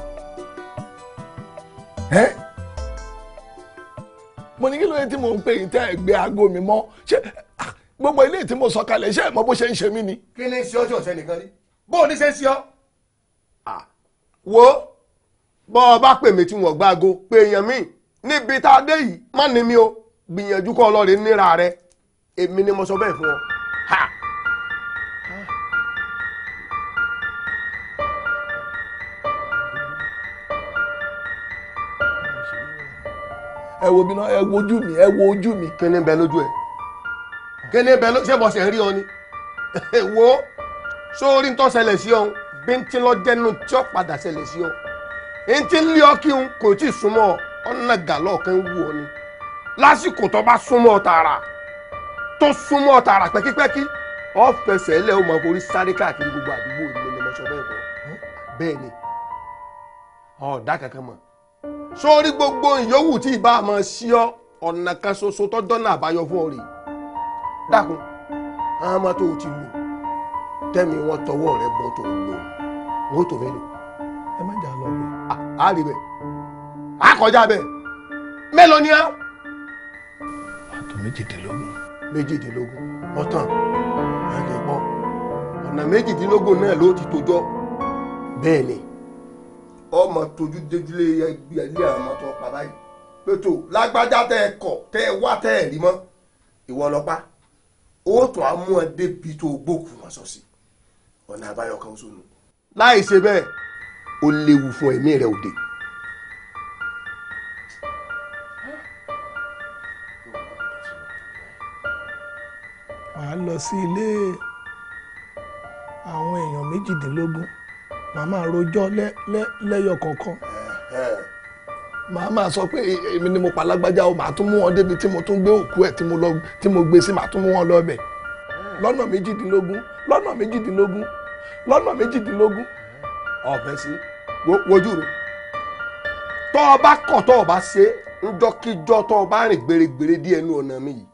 mo ní kí ló yẹ tí mo ń pè yín tẹ́ ẹ gbé aago mi mọ́ ṣé gbogbo ilé tí mo sọ kalẹ̀ iṣẹ́ ìmọ̀ bó ṣe ń ṣe mí ni. kí ni ṣe ọjọ́ ọ̀sẹ̀ nìkan rí bó o ní ṣe ń ṣe ọ́. wo bọ́ ọ bá pè mí tí wọ́n gbá aago pé èèyàn mi níbi tá a dé yìí má ní mi o gbìyànjú kọ́ ọlọ́rin níra rẹ èmi ni mo sọ bẹ́ẹ̀ fún ọ. ẹ wo mi náà ẹ wo ojú mi ẹ wo mi. kí ni bẹ lójú ẹ gẹ́lẹ́ bẹ́ẹ̀ ló ṣe bọ́sẹ̀ rí ọ ni wo sórí ń tọ́ ṣẹlẹ̀ sí ọ bíntín lọ jẹ́nu tí ó padà ṣẹlẹ̀ sí ọ eŋti ń lé ọ kí n kò tí ì súnmọ́ ọ ọ̀nà gàlọ́ kan wù ọ ni lásìkò tó bá súnmọ́ ọ tààrà tó súnmọ́ ọ tààrà pẹ́kípẹ́kí ọ fẹsẹ̀ lẹ́ o máa forí sáré káàkiri gbogbo àdúgbò ìlú ni mo sọ bẹ́ẹ̀ bọ́ bẹ́ẹ̀ ni ọ̀dà kankan mọ̀ sórí gbogbo ìyówù tí ì bá a máa ṣí ọ ọ̀nà kan ṣoṣo tọ́jọ́ náà àbáyọ fún ọ rèé dákun àwọn ọmọ tó o ti lò tẹ́mi wọn tọwọ́ rẹ bọ́ tó o lò wọ́n tó mélòó. ẹ má jà lọ bẹ. a rí bẹ a kọjá bẹ mélòó ni a. àtọ méjìdínlógún. méjìdínlógún ọtàn a lè gbọ́ ọ̀nà méjìdínlógún náà ló ti tójọ́ bẹ́ẹ̀ ni ọmọ tójú déjúlé ẹgbẹ́ ilé àwọn ọmọ tó pa báyìí pẹ̀tọ́ lágbájá tẹ́ ẹ kọ̀ tẹ́ ẹ wá tẹ́ ẹ rí mọ́ ìwọ lọ́pàá owó tó a mú ọ débi tó o gbókùn wọn sọ sí ọ̀nà àbáyọ kan sónù. láì ṣe bẹ́ẹ̀ ó léwu fún ẹ̀mí rẹ̀ òde. màá lọ sí ilé àwọn èèyàn méjìdínlógún màá máa rojọ́ lẹ́yọ kọ̀ọ̀kan màá máa sọ pé èmi ni mo pa lágbájá o màá tún mú wọn débi tí mo tún gbé òkú ẹ̀ tí mo gbé sí màá tún mú wọn lọ bẹ̀ lọ́nà méjìdínlógún lọ́nà méjìdínlógún lọ́nà méjìdínlógún ọ̀fẹ́ sí wojú mi tọ́ ọ bá kàn tọ́ ọ bá ṣe ńjọ́kíjọ́ tọ́ ọ bá rìn gbèrègbèrè dí ẹnu ọ̀nà mi yìí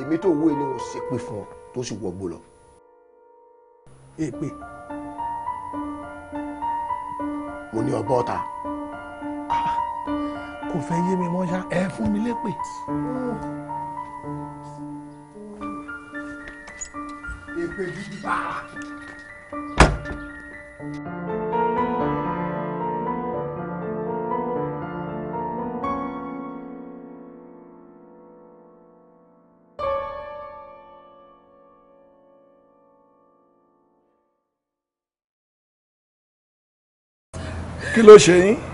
èmi tó wó ni mo ṣe pé fún ọ tó sì wọgbó lọ. èpè mo ní ọbọ̀ ta kò fẹ́ yé mi mọ́ ṣá ẹ fún mi lépè. kí ló ṣe yín.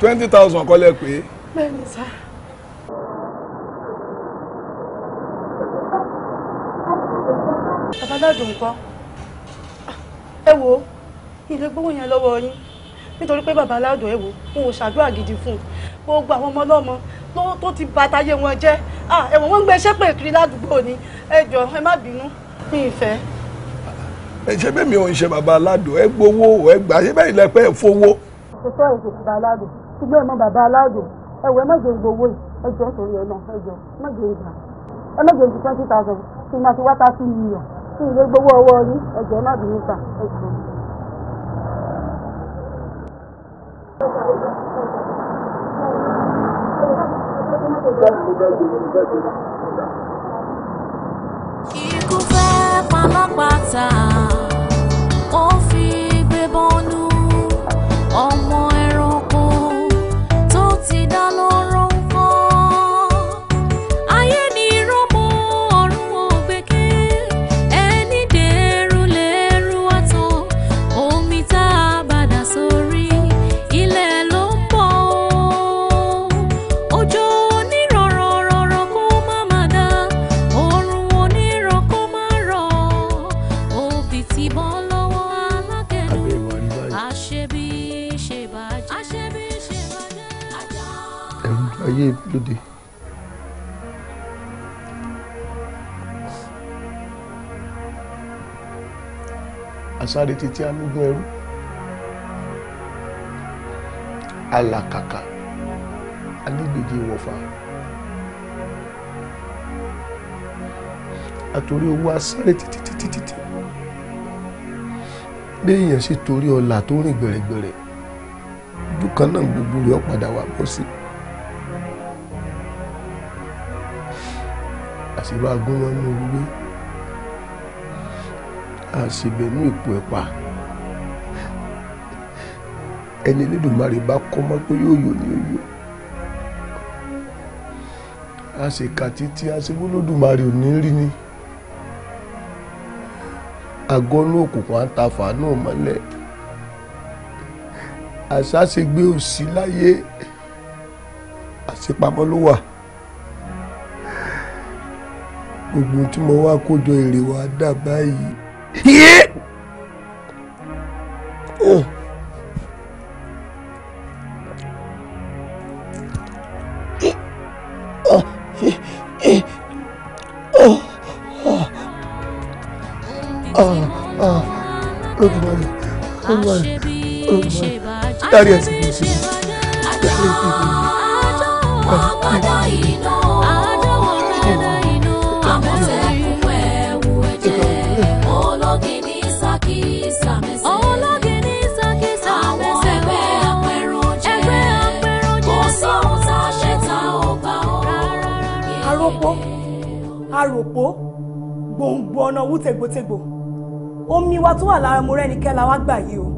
twenty thousand kọ́lẹ̀ pé. bẹ́ẹ̀ni sá. babaláàdù nǹkan ẹ wo ilé gbówó yẹn lọ́wọ́ yín nítorí pé babaláàdù ẹ wo n ò ṣàdúrà gidi fún un gbogbo àwọn ọmọ ọlọ́mọ tó ti ba tayé wọn jẹ́ ẹ̀wọ̀n wọn ń gbẹ́sẹ́ pé kiri ládùúgbò ni ẹ jọ̀ọ́ ẹ má bínú ní ìfẹ́ ẹ ṣe bẹ́ẹ̀ mi ò ń ṣe bàbá aládùn ẹ gbowó ẹ gbà ṣe bẹ́ẹ̀ ilẹ̀ ẹ fowó. òṣìṣẹ́ ìṣe bàbá aládùn ṣùgbọ́n ìmọ̀ bàbá aládùn ẹ̀wẹ̀ mẹ́jọ ìgbowó ẹjọ́ torí ẹ̀ náà ẹjọ́ mẹ́jọ ìgbà ẹ mẹ́jọ ìgbà twenty thousand kí n máa fi wáta sí iyọ̀ kí n lè gbowó ọwọ́ rí ẹjọ́ má bínú gbà ẹjọ́. Thank you. alápàtà. lóde. àsáré títí amúgún ẹrú alàkàkà alégbèje ìwọ̀fà àtòrí owó àsáré títí títí títí béèyàn sì torí ọlà tó rìn gbẹ̀rẹ̀gbẹ̀rẹ̀ dúkan náà gbogbo rẹ̀ ó padà wà bọ́ sí i. sì bá gún wọn ní orí àṣìbẹ̀nú ìpò ẹ̀pà ẹni Elédùmarè bá kọ́ mọ́ pé yóò yọ ní oyò a sì kà títí a sì wúlódùmarè ò ní rí ni agọ́nú òkùnkùn àtàfà náà mọ́lẹ̀ àṣà ṣe gbé òsì láyé àṣepamọ́ ló wà gbogbo tí mo wá kójọ èrè wa dà báyìí. Dari ẹsẹ̀ kìí ṣe. Dari ẹsẹ̀ kìí gbogbo ọ̀nà owú tègbòtègbò omi wa tó wà lára mo rẹ́nikẹ́ la wá gbà yìí o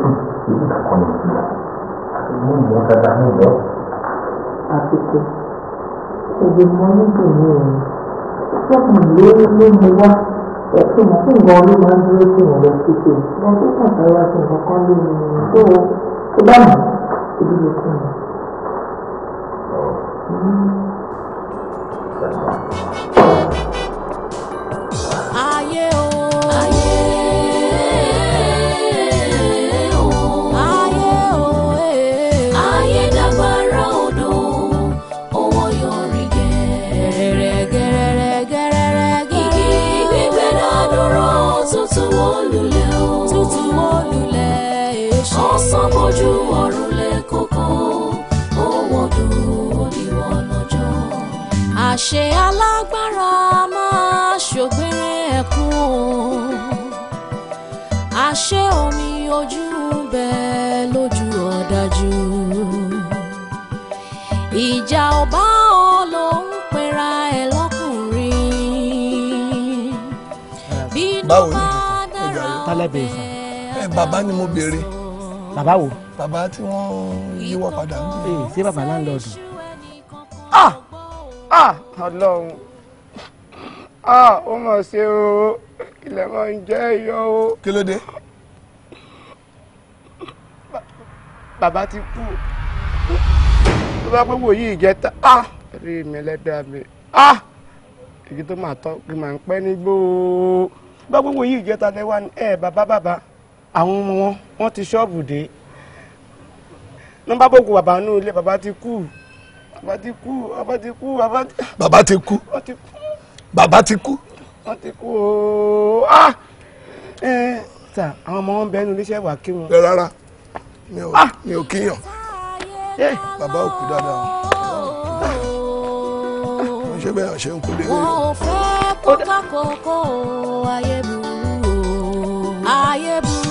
bên trong những cửa người chắc mình luôn luôn luôn mới ra để khi mà không có đi mà đưa thì mà được thì chỉ nó cũng phải phải là chỉ có con đường cơ cơ bản thì được rồi ojú ọ̀run lé kókó owó dúró níwọ̀n lọ́jọ́. àṣẹ alágbára máa ṣògbére ẹ̀kún o àṣẹ omi ojú bẹ́ẹ̀ lójú ọ̀dájú ìjà ọba ọlọ́run pera ẹ̀ lọ́kùnrin bínú bá dára bẹ́ẹ̀. ni o jà yóò. ẹ bàbá ni mo béèrè bàbá wo. bàbá tí wọ́n yíwọ́ padà ń bí. Eh, ṣé bàbá láńlọ́ọ̀dù. ah ah ọlọ́run ah ó mọ̀ ṣe o ilẹ̀ máa ń jẹ́ iyọ̀ o. kí ló dé. bàbá ti kú tó bá pé wòye ìjẹta ah rí mi lẹ́dàá mi ah èyí tó máa tọ́ pé máa ń pẹ́ nígbó o bá pé wòye ìjẹta lẹ́wà ẹ̀ bàbá bàbá àwọn ọmọ wọn wọ́n ti ṣọ́ọ̀bù dé nọ́mbà bòkù bàbá nù ilé bàbá ti kú bàbá ti kú bàbá ti kú bàbá ti kú bàbá ti kú wọ́n ti kú ooo ah ẹ ta àwọn ọmọ wọn bẹ nu iléeṣẹ́ wà kí wọn. rárá mi ò ah! kíyàn bàbá ò kú dáadáa wọ́n ṣe bẹ́ẹ̀ ṣe ń kú lé. wọ́n fẹ́ kó kákòókò ayé burú ayé burú.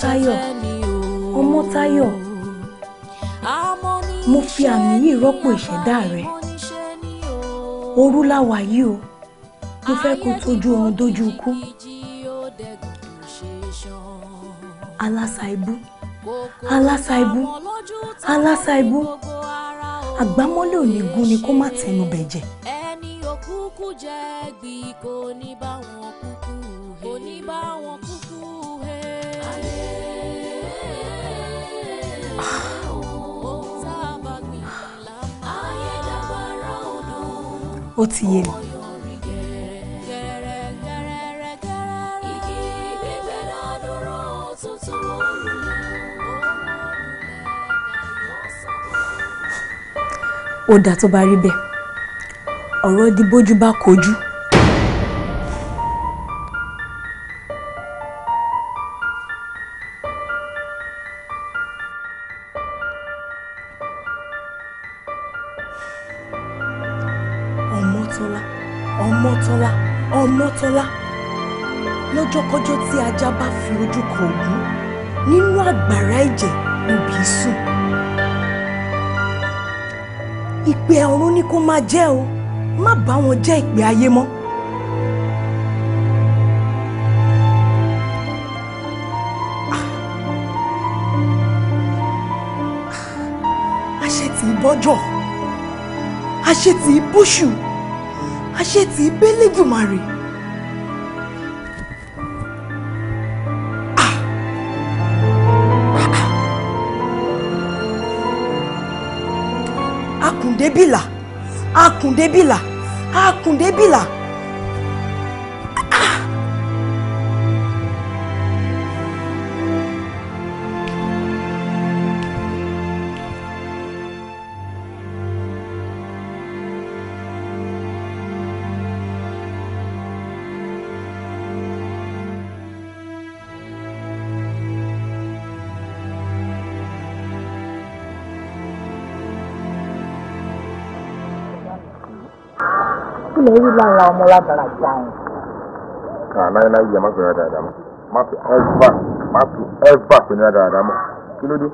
Táyọ̀ ọmọ Táyọ̀ mo fi àmì yìí rọ́pò ìṣẹ̀dá rẹ òru la wà yìí o mo fẹ́ kó tójú oorun dójú ikú alásà ibú alásà ibú alásà ibú àgbámọ́lẹ̀ ò gún ni kó má tẹnu bẹ̀jẹ̀. ẹni òkúkú jẹ́ gbì ní bá kúkú. kò kúkú. ó ti yé mi. ó dà tó bá rí bẹ́ẹ̀ ọ̀rọ̀ di bójú bá kojú. ọmọtọ́lá lọ́jọ́kọ́jọ́ tí ajá bá fi ojú kan òkú nínú àgbàrá ẹ̀jẹ̀ níbi sùn ìpè ọ̀run ni kó máa jẹ́ o má bá wọn jẹ́ ìpè ayé mọ́. Ah. àṣetì bọ́jọ̀ àṣetì bóṣù àṣetì bẹ́lẹ́dùmarè. akùndébìlà akùndébìlà akùndébìlà. látara ìjà yẹn. àná iná yìí ẹ má fi rẹ dáadáa mọ́ má fi ẹ́fà má fi ẹ́fà fi rẹ dáadáa mọ́ kí ló dé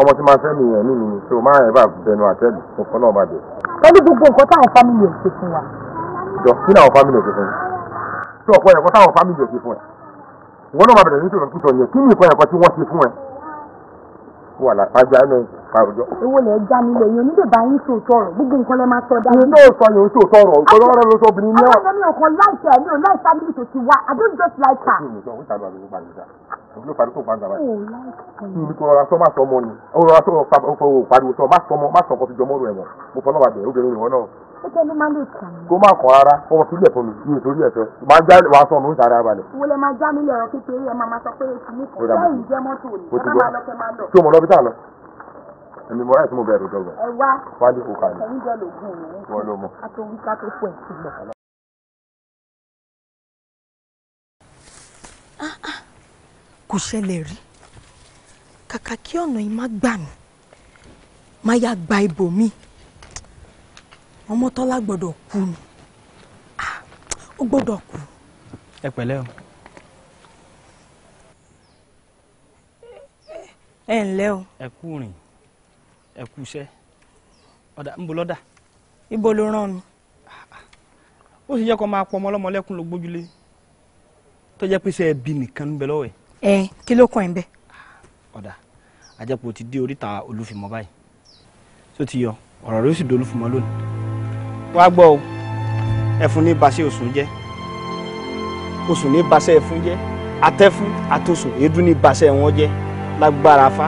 ọmọ tí máa fẹ́ mi yẹn nínú mi tó máa ẹ̀ bá bẹnu àtẹ́lù mo fọ́ náà bá dé. pẹ̀lú gbogbo nǹkan táwọn fámìlì ò ṣe fún wa. jọ kí ni àwọn fámìlì ò ṣe fún mi. tí ọ̀pọ̀ ẹ̀kọ́ táwọn fámìlì ò ṣe fún ẹ àwùjọ. owó lẹ já nílé yẹn onídè bá yín tó tọrọ gbogbo nǹkan lẹ máa sọ dáadáa. èmi náà sọ yẹn tó tọrọ òkòrò ọ̀rọ̀ ló sọ obìnrin náà. ọlọ́run mi ò kàn láìpẹ́ mi ò láìpẹ́ mi tó ti I don't just like her. Ìlú pariwo gbàgbà báyìí. Ìlú tó rọra sọ má sọ ọmọ ni. rọra sọ pariwo sọ má sọ ọmọ má sọ ọkọ fi jọmọ́ kó má kàn rárá ọmọ tó lè fún mi mi ò torí ẹ fẹ máa já wàá sọ ọmọ ìtara balẹ̀. wo máa já mi lè kékeré ẹ máa ma sọ pé èsì mi kò sẹ́yìn jẹ́ ni ẹ má máa lọ kẹ́ máa lọ. tó mọ̀ lọ́bí tá a lọ èmi mọ ẹsùn mo bẹ̀rù dọgbọn. ẹ wá wájú kò kàlẹ. ẹyin jọ lògùn òun. wọn ló mọ. a tó wí ká tó pọ ẹ ti lọ. Ah, ah. kò ṣẹlẹ̀ rí kàkà kí ọ̀nà yìí má gbà mí má yá gba ibòmíì ọmọtọ́lá gbọ́dọ̀ kú ni ah, ó gbọ́dọ̀ kú. ẹ pẹ̀lẹ́ o. ẹ ǹlẹ́ o. ẹ kú rìn ẹ kú iṣẹ́ ọ̀dà ń bo lọ́dà. ibo ló rán mi. ó sì yẹ kó máa pọ ọmọ ọlọ́mọ lẹ́kùn ló gbójúlé tó jẹ́ pé iṣẹ́ ẹbí nìkan ń bẹ lọ́wọ́ ẹ̀. ẹ kí ló kàn ẹ́ bẹ́ẹ̀. ọ̀dà àjẹpọ̀ ti dé oríta olúfìmọ́ báyìí tó ti yọ ọ̀rọ̀ rẹ̀ ó sì dolúfìmọ́ lónìí. wá gbọ́ o ẹfun ní baṣẹ́ òsùn jẹ́ òsùn ní baṣẹ́ ẹfun jẹ́ atẹ́fún àtòsùn èédú ní baṣẹ́ wọn jẹ́ lágbára fá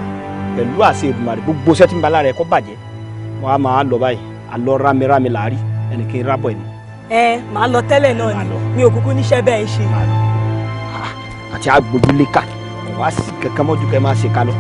pẹ̀lú àṣẹ Èdùmàrè gbogbo iṣẹ́ tí ń ba lára ẹ̀ kó bàjẹ́ wọ́n á máa lọ báyìí àlọ́ rámirámi làárí ẹnìkan rábọ̀ ẹni. ẹ màá lọ tẹ́lẹ̀ náà ni mi ò kúkú níṣẹ́ bẹ́ẹ̀ ṣe. àti agbójúlé ká wàá sì kankan mọ́jú kẹ́ máa ṣe ká lọ.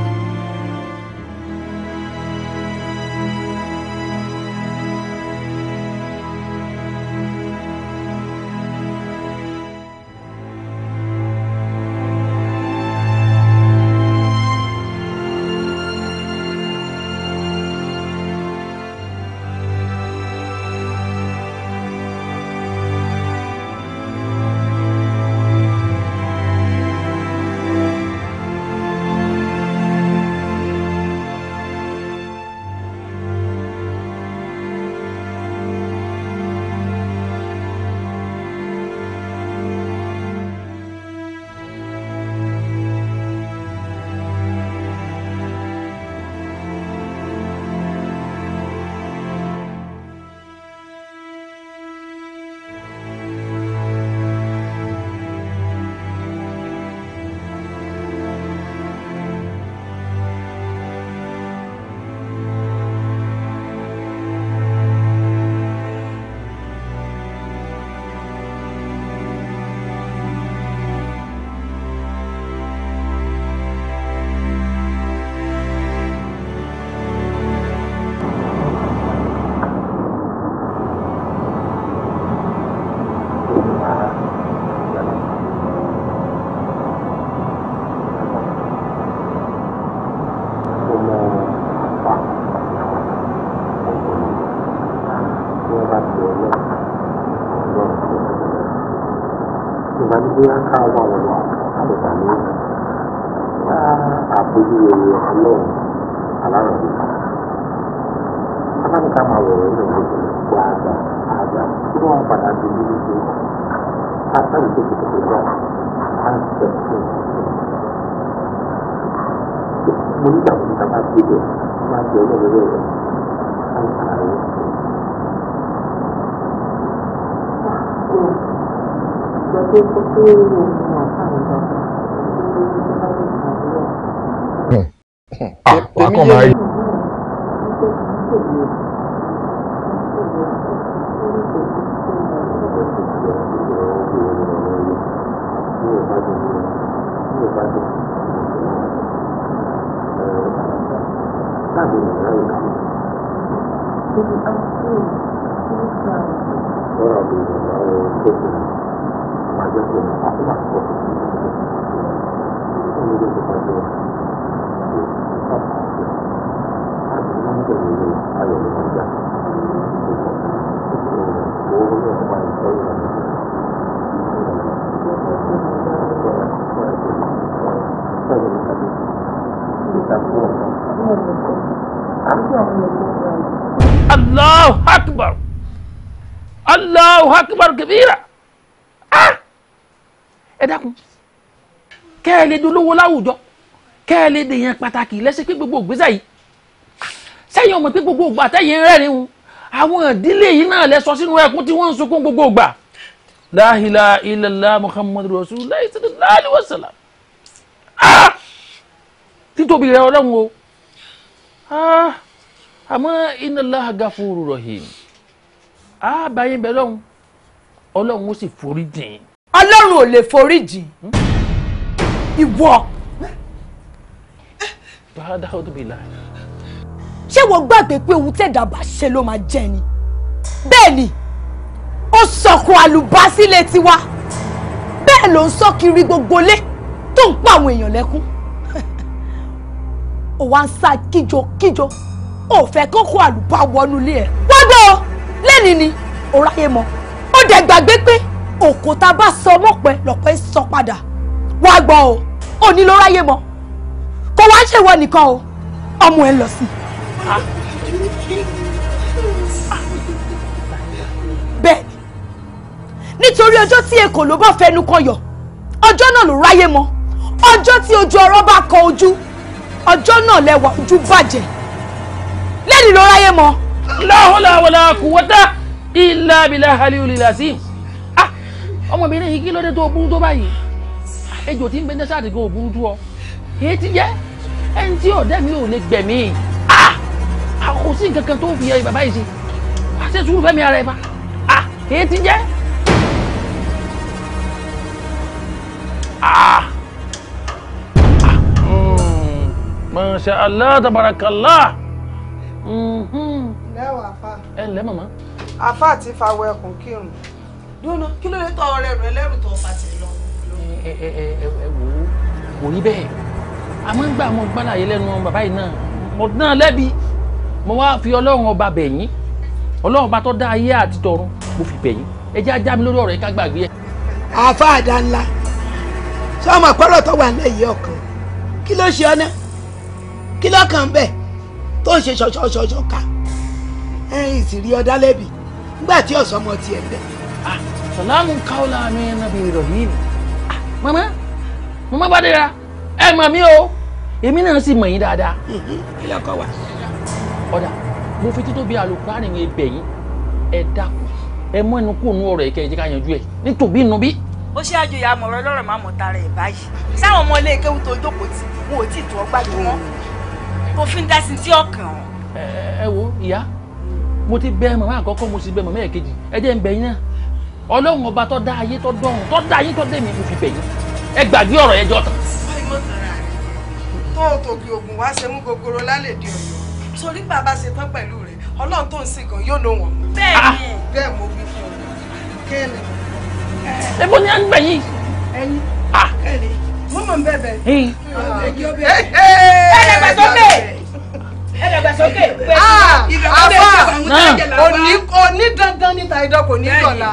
ẹ lè di olówó láwùjọ kẹ́ ẹ lè dèèyàn pàtàkì lẹ́sẹ̀ pé gbogbo ògbésẹ̀ yìí sẹ́yìn ọmọ pé gbogbo ògbà tẹ́yìn rẹ́rìn un àwọn ìdílé yìí náà lẹ sọ sínú ẹkún tí wọ́n ń sunkún gbogbo ògbà la ilaha illallah muhammadu rasulullah sallallahu alaihi wasallam ah! títóbi rẹ ọlọ́run o ah! àmọ́ innallaha gafurur rahim àbáyé ah! bẹ́ẹ̀ lọ́hùn ọlọ́run ó sì foríjìn. ọlọ́run ò lè foríjìn. Hmm? ìwọ. bàdà ó tóbi là. ṣé wọ́n gbàgbé pé ohun tẹ̀dá bá ṣe ló máa jẹ ni bẹ́ẹ̀ ni ó sọkun àlùbásílẹ̀ tiwa bẹ́ẹ̀ ló ń sọ kiri gbogbo lé tó ń pa àwọn èèyàn lẹ́kún ó wá ń sá kíjokíjo ó fẹ́ kókó àlùbá wọnú ilé ẹ̀ wọ́dọ̀ lẹ́ni ni ó ráyè mọ́ ó dẹ̀ gbàgbé pé òkúta bá sọ mọ́pẹ́ lọ́pẹ́ sọ padà wá gbọ́ o òní ló ráyè mọ́ kó wá ṣèwọ nìkan o ọmọ ẹ lọ sí bẹ́ẹ̀ nítorí ọjọ́ tí èkó ló bá fẹnu kan yọ ọjọ́ náà ló ráyè mọ́ ọjọ́ tí ojú ọ̀rọ̀ bá kọ ojú ọjọ́ náà lẹwà ojú bàjẹ́ lẹ́ni ló ráyè mọ́. láhùlà wàlà kùwọ́tà ìlà bìlà halilu lásìm ọmọbìnrin yìí kí ló dé tó burú tó báyìí ejò tí ń bẹ nẹ́sà àdìgún òburú tú ọ èyí ti jẹ́ ẹni tí ọ̀dẹ́ mi ò lè gbẹ̀mí kò sí nǹkan kan tó fi ẹ bàbá yìí ṣe àṣẹ sùúrù fẹ́mi ara ẹ bá èyí ti jẹ́. Hmm, masha allah tabarakallah. Hmm, lẹ́wọ̀ àfa. ẹ ǹlẹ́ màmá. àfa àti fawọ ẹkùn kírun. dúró kí ló lè tọ́ ọrẹ rẹ lẹ́rù tó ọba tẹ̀ lọ ẹ ẹ ẹ ẹ wò ó kò rí bẹ́ẹ̀ àmọ́ ń gbà mọ́ gbàlàyé lẹ́nu bàbá yìí náà mo náà lẹ́bi mo wá fi ọlọ́run ọba bẹ̀ yín ọlọ́run ọba tó dá ayé àti tọ̀run mo fi bẹ̀ yín ẹ jẹ́ ajá mi lórí ọ̀rọ̀ yìí ká gbàgbé ẹ. àfa àdá ńlá sọmọ pọ́rọ̀ tó wà ní èyí ọkàn kí ló ṣe ọ́nà kí lọ́kàn bẹ́ẹ̀ tó ń ṣe ṣọṣọṣọṣọ ká ẹ̀yìn sì rí ọ̀dá lẹ́bi nígbà tí ọ̀sán ọmọ tiẹ̀ bẹ́ẹ̀. Ah, sàlámù káwọ́lá mi nàbí ìrọ̀lì nìyí mama mama Bádéra ẹ mọ̀ mí o èmi náà sì mọ̀ yín dáadáa. ilé ọkọ wa. ọ̀dà mo fi títóbi àlùkùránì mi bẹ̀ yín ẹ dákun ẹ mọ ẹnu kúrò nú ọ̀rọ̀ ẹ̀kẹ́ ẹ̀jẹ̀ ká yanjú ẹ̀ nítorí inú bí. ó ṣe àjòyè àmọ̀rọ̀ ọlọ́rọ̀ máa mọ̀ tara ẹ̀ báyìí sáwọn ọmọ ilé kéwù tó jókòó tì wọn ò tí ì tó ọgbà tó wọn tó fi ń dá sí sí ọkàn. ẹ wo ìyá mo ti bẹ màmá àkọ́kọ́ mo sì bẹ màmá ẹ̀kejì ẹ jẹ́ ń bẹ yín náà ọlọ́run ọba tó dá ayé tó dọ̀run tó dá ayé tó dé mi kò fi bẹ̀yìn ẹ gbàgbé ọ̀rọ̀ yẹn jọ tán. tó o tòkè ògùn wá ṣe mú gogoro lálẹ́ di ọ̀yọ́ torí bàbá ṣe tán pẹ̀lú rẹ̀ ọlọ́run tó ń sìn gan yóò lò wọ́n. bẹ́ẹ̀ni bẹ́ẹ̀ mo wí fún ọ kéèlè. ebo ni a ń gbẹ̀yìn. ẹyin kéèlè mo mọ̀ ń bẹ̀bẹ̀. ẹyin ẹyin ọbẹ̀. ẹyin ẹgbẹ̀ tó bẹ̀ ẹ̀dàgbàsókè pẹ̀lú ah, ìrẹ̀wọ̀n òní òní dandan níta idán kò ní dọ̀la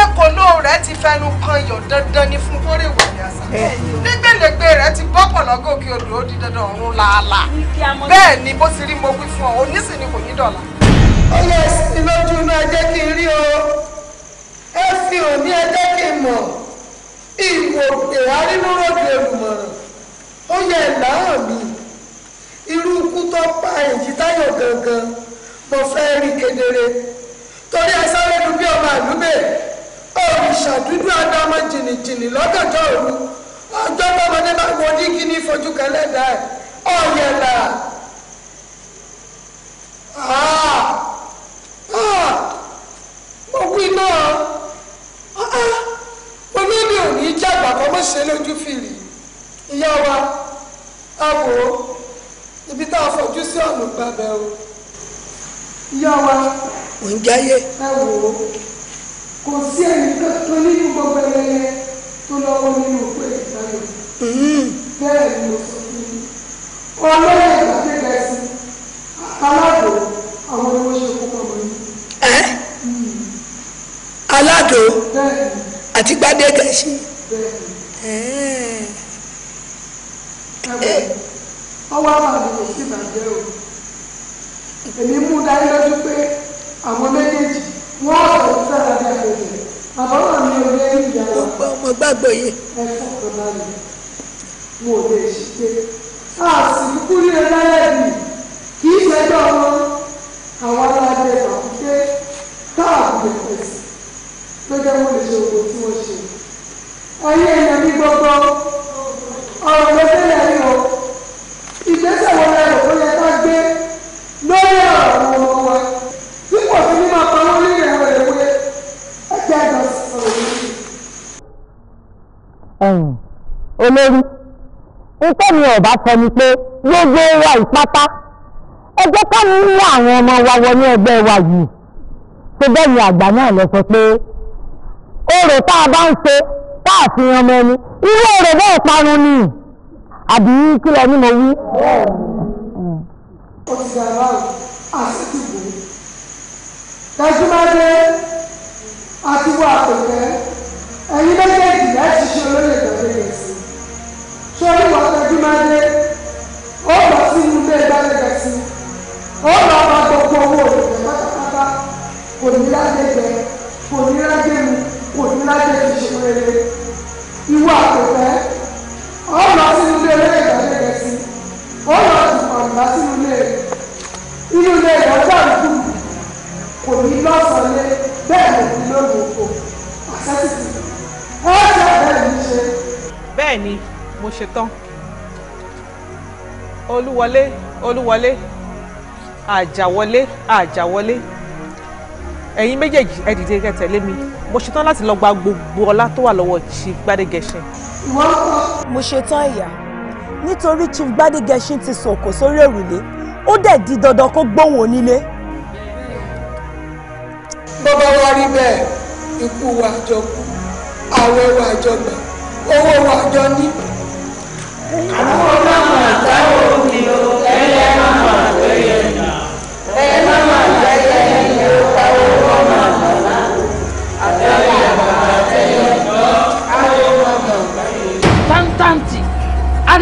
èkóló rẹ̀ ti fẹnu kan yọ̀ dandan ní fún kórè wà ní nígbèlégbè rẹ̀ ti bọ́pọ̀ lọ́gọ́ kí odò ó di dandan ọ̀run làálàá bẹ́ẹ̀ ni bó ti rí mo wí fún ọ òní ni kò ní dọ̀la. ó yẹ sí lójú náà jẹ́ kí n rí o ẹ fi òní ẹ kí n mọ̀ ìwò èrárínú rògbè olùmọ̀ràn ó yẹ ìdáhùn mi irú ikú tó pa èyí táyọ̀ gangan mo fẹ́ rí kedere torí asáré nu bí ọmọ àlúbẹ̀ òrìṣà dúdú adamọ jìnnìjìnnì lọ́gàjọ́ òru ọjọ́ tọmọdé máa wọ dígí ní fojú kẹlẹ́dà ẹ̀ ọ̀yẹ̀là ah, ah, mo wí náà ah, mo ní mi ò ní jàgbà kọ́ mọ́ ṣe lójú fìlì ìyá wa àwòrán ibi tá a fojú sí ọ̀nà gbàgbẹ́ o ìyá wa ò ń jáyé ẹ wò ó kò sí ẹnìkan tó nínú gbogbo ẹyẹ tó lọ́wọ́ nínú òpó ìdáyọ̀ hmm. bẹ́ẹ̀ ni mo sọ fún yín ọlọ́yà ìgbàgbẹ́gbẹ́ sí aláàbò àwọn ni wọ́n ṣe kó pọ̀ mọ́ yín. àti gbàdégẹ̀ẹ́sì. Hmm. bẹ́ẹ̀ ni ọwọ́ àbàmì kò sí ìbàjẹ́ o èmi mú dání lójú pé àwọn méjèèjì wọ́n ọ̀rọ̀ sí àdájọ́ àgbègbè àbọ̀wọ̀ mi ò lé ìyàwó. mo gbọ́ mo gbàgbọ́ yìí. ẹ fọ́ ọ̀gá mi mo lè ṣí pé a sì kúkú ní ẹlẹ́lẹ́bì kì í ṣẹjọ́ wọn àwọn alájẹ àkúté káàbù ẹ̀sì ló jẹ́ wọ́n lè ṣe ògùn tí wọ́n ṣe. ẹ̀yin ẹ̀yàn mi gbogbo ọ̀rọ̀ lọ́sẹ̀lẹ̀ yìí o ìgbésẹ̀ wo lẹ́rù tó yẹ ká gbé lórí ọ̀rọ̀ àwọn ọmọ wa tí kò fi ní máa pa wọ́n nílẹ̀ ẹ̀rọ ìwé ẹ̀jẹ̀ àgbà sọ̀rọ̀ yìí. olórí nǹkan mi ò bá sọ ni pé gbogbo wa ìpátá ẹ jẹ́ ká mú àwọn ọmọ wa wọnú ẹgbẹ́ wa yìí tó bẹ́ẹ̀ ni àgbà náà lọ sọ pé orò tá a bá ń ṣe tá a ẹni irú orò bẹ́ẹ̀ parun ni àbí kílẹ̀ ni mo wí. ó ti gbà báwo àṣìkò tẹ̀síwájú àti wọ àpòtẹ́ ẹ̀yin méjèèjì láti ṣe olóyè gbàgbé sí sórí wọn tẹ̀síwájú ó lọ sínú ilé gbàgbé sí ó lọ bá gbogbo owó òṣèlú pátápátá kò ní láti jẹ kò ní láti mu kò ní láti ṣe ìṣòro rere ìwọ àpòtẹ́ ó lọ sínú ilé olóyè ìtọ́jú rẹ̀ sí ó lọ sùn pàǹdà sínú ilé inú ilé ìyọjọ́ àdúgbò kò ní lọ́sàn-án lé bẹ́ẹ̀ ló ní lóde òfò àṣẹ́sìtì ó ṣe bẹ́ẹ̀ ní ṣe. bẹ́ẹ̀ ni mo ṣe tán olúwọlé olúwọlé àjàwọlé àjàwọlé ẹ̀yin méjèèjì ẹ dìde kẹ́ tẹ̀lé mi mo ṣetán láti lọ gba gbogbo ọlá tó wà lọ́wọ́ Chief Gbadegesin. mo ṣetán ìyá nítorí Chief Gbadegesin ti sọ̀kò sórí òrùlé ó dẹ̀ di dandan kó gbóhùn onílé. bàbá wa rí bẹ́ẹ̀ ikú wa jọ kú àwẹ̀ wa jọ gbà owó wa jọ ní. àwọn ọlọ́run àtàwọn.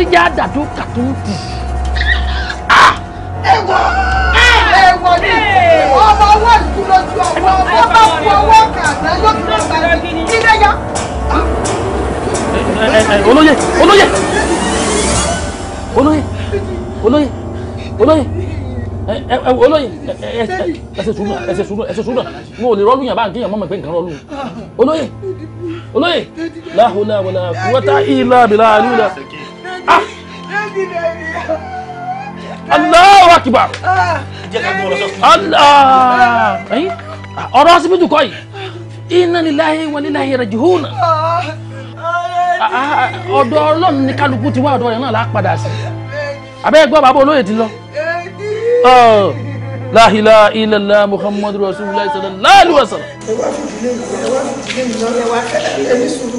kárìjà dàdú kàtúntì. ẹ̀wọ̀ ẹ̀wọ̀ ni ọmọ ọwọ́ ìlú lójú ọmọ ọmọ bá fún ọwọ́ kàdá yóò tún bá ti ilé yá. olóyè olóyè olóyè olóyè olóyè olóyè ẹsẹ sùúrù ẹsẹ sùúrù ẹsẹ sùúrù wọn ò lè rọlùyàn bá nkéèyàn mọ́mọ́ pé nǹkan rọlù olóyè olóyè láhùlà wàlà kúwọ́tà ìlà bìlà àlùlà. Allahu Akbar. Allah. Eh? ọ̀rọ̀ ọsibítù kọ́ yìí inna lillahi wa lillahi raji'un ah, ah, ọ̀dọ̀ ọlọ́run ní kálukú ti wá ọ̀dọ̀ rẹ̀ náà lápadà sí abẹ́ gbọ́ bàbá olóyè ti lọ. Ah, la ilaha illallah muhammadu rasulullah sallallahu alaihi wasallam. ẹ wá fìdí lé mi ẹ wá fìdí lé mi lọ́wọ́ ẹ wá kẹ́lẹ́ ẹ ní sùúrù.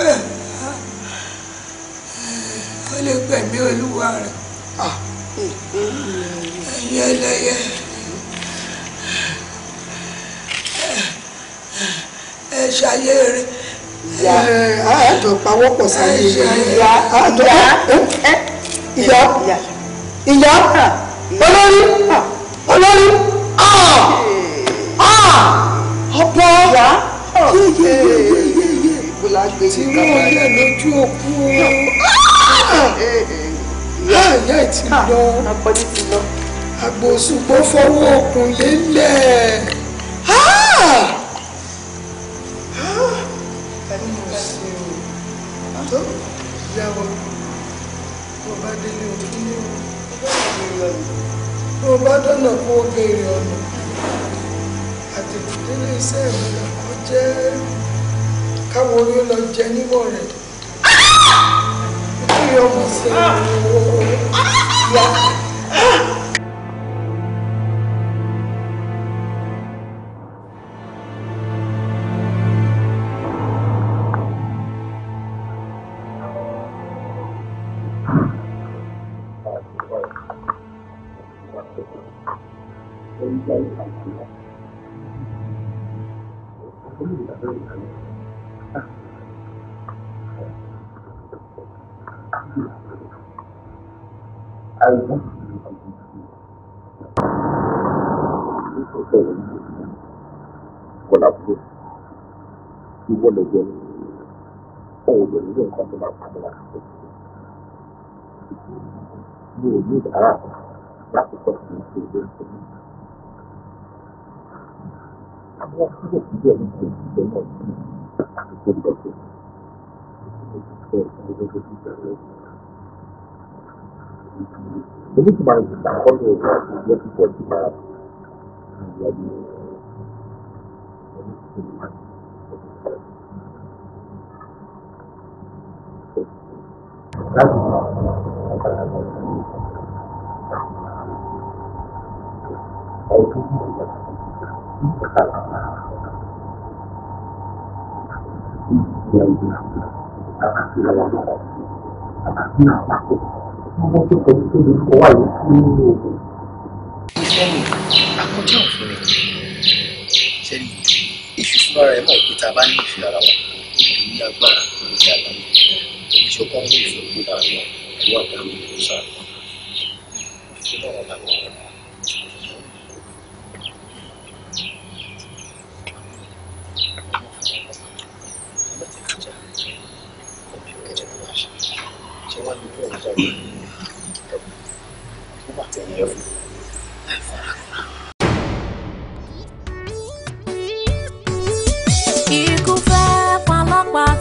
ó lè gbẹ̀mí olúwa rẹ̀ ẹ̀yẹ ẹlẹ́yẹ ẹ ṣayé rẹ̀ ìyá àádọ́ pawọ́pọ̀ sáyé rẹ̀ ìyá àádọ́ ìyá ìyá olórí olórí ọ̀ọ́ ah! ah! ọ̀pọ̀ yéyéyé lágbè ní kábàárà. tí wọ́n yà lójú òkú o. ìyá ìyá ẹ̀ ti ah, lọ. akọni ti lọ. àgbòsùgbọ́ fọwọ́ òkun lélẹ̀. ìyàwó tó bá délé òkú ní òkú tó bá dọ̀nà kó o béèrè ọ̀nà àtẹ̀kùdélé iṣẹ́ mi lọ́kọ́ jẹ́ káwọn orí lọ jẹ níwọ̀ rẹ̀ nítorí ọmọ sí ẹ̀rọ ìyá. Moun, moun ssl truthye genman pa lakse po moun clients, tiroxin tatle nan oma drug yanko log Viceковek? jadi cuma campur tuh dia dibuat cuma jadi kan Thank you. ọmọ tó kọjú tó lè fọwọ́ àyè nínú òkú. ìfẹ́mi àkọjá òfin rẹ̀ ṣẹ́ni èṣù fúnra rẹ̀ mọ̀ pé tá a bá ní ìfẹ́ ara wa ó ní agbára lórí àgbáyé oníṣẹ́ ọkọ̀ mú ìfẹ́ òkú láàrin àwọn àgbà mi ló sá. ìfẹ́ náà wà láwọn ọ̀rọ̀.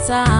passar.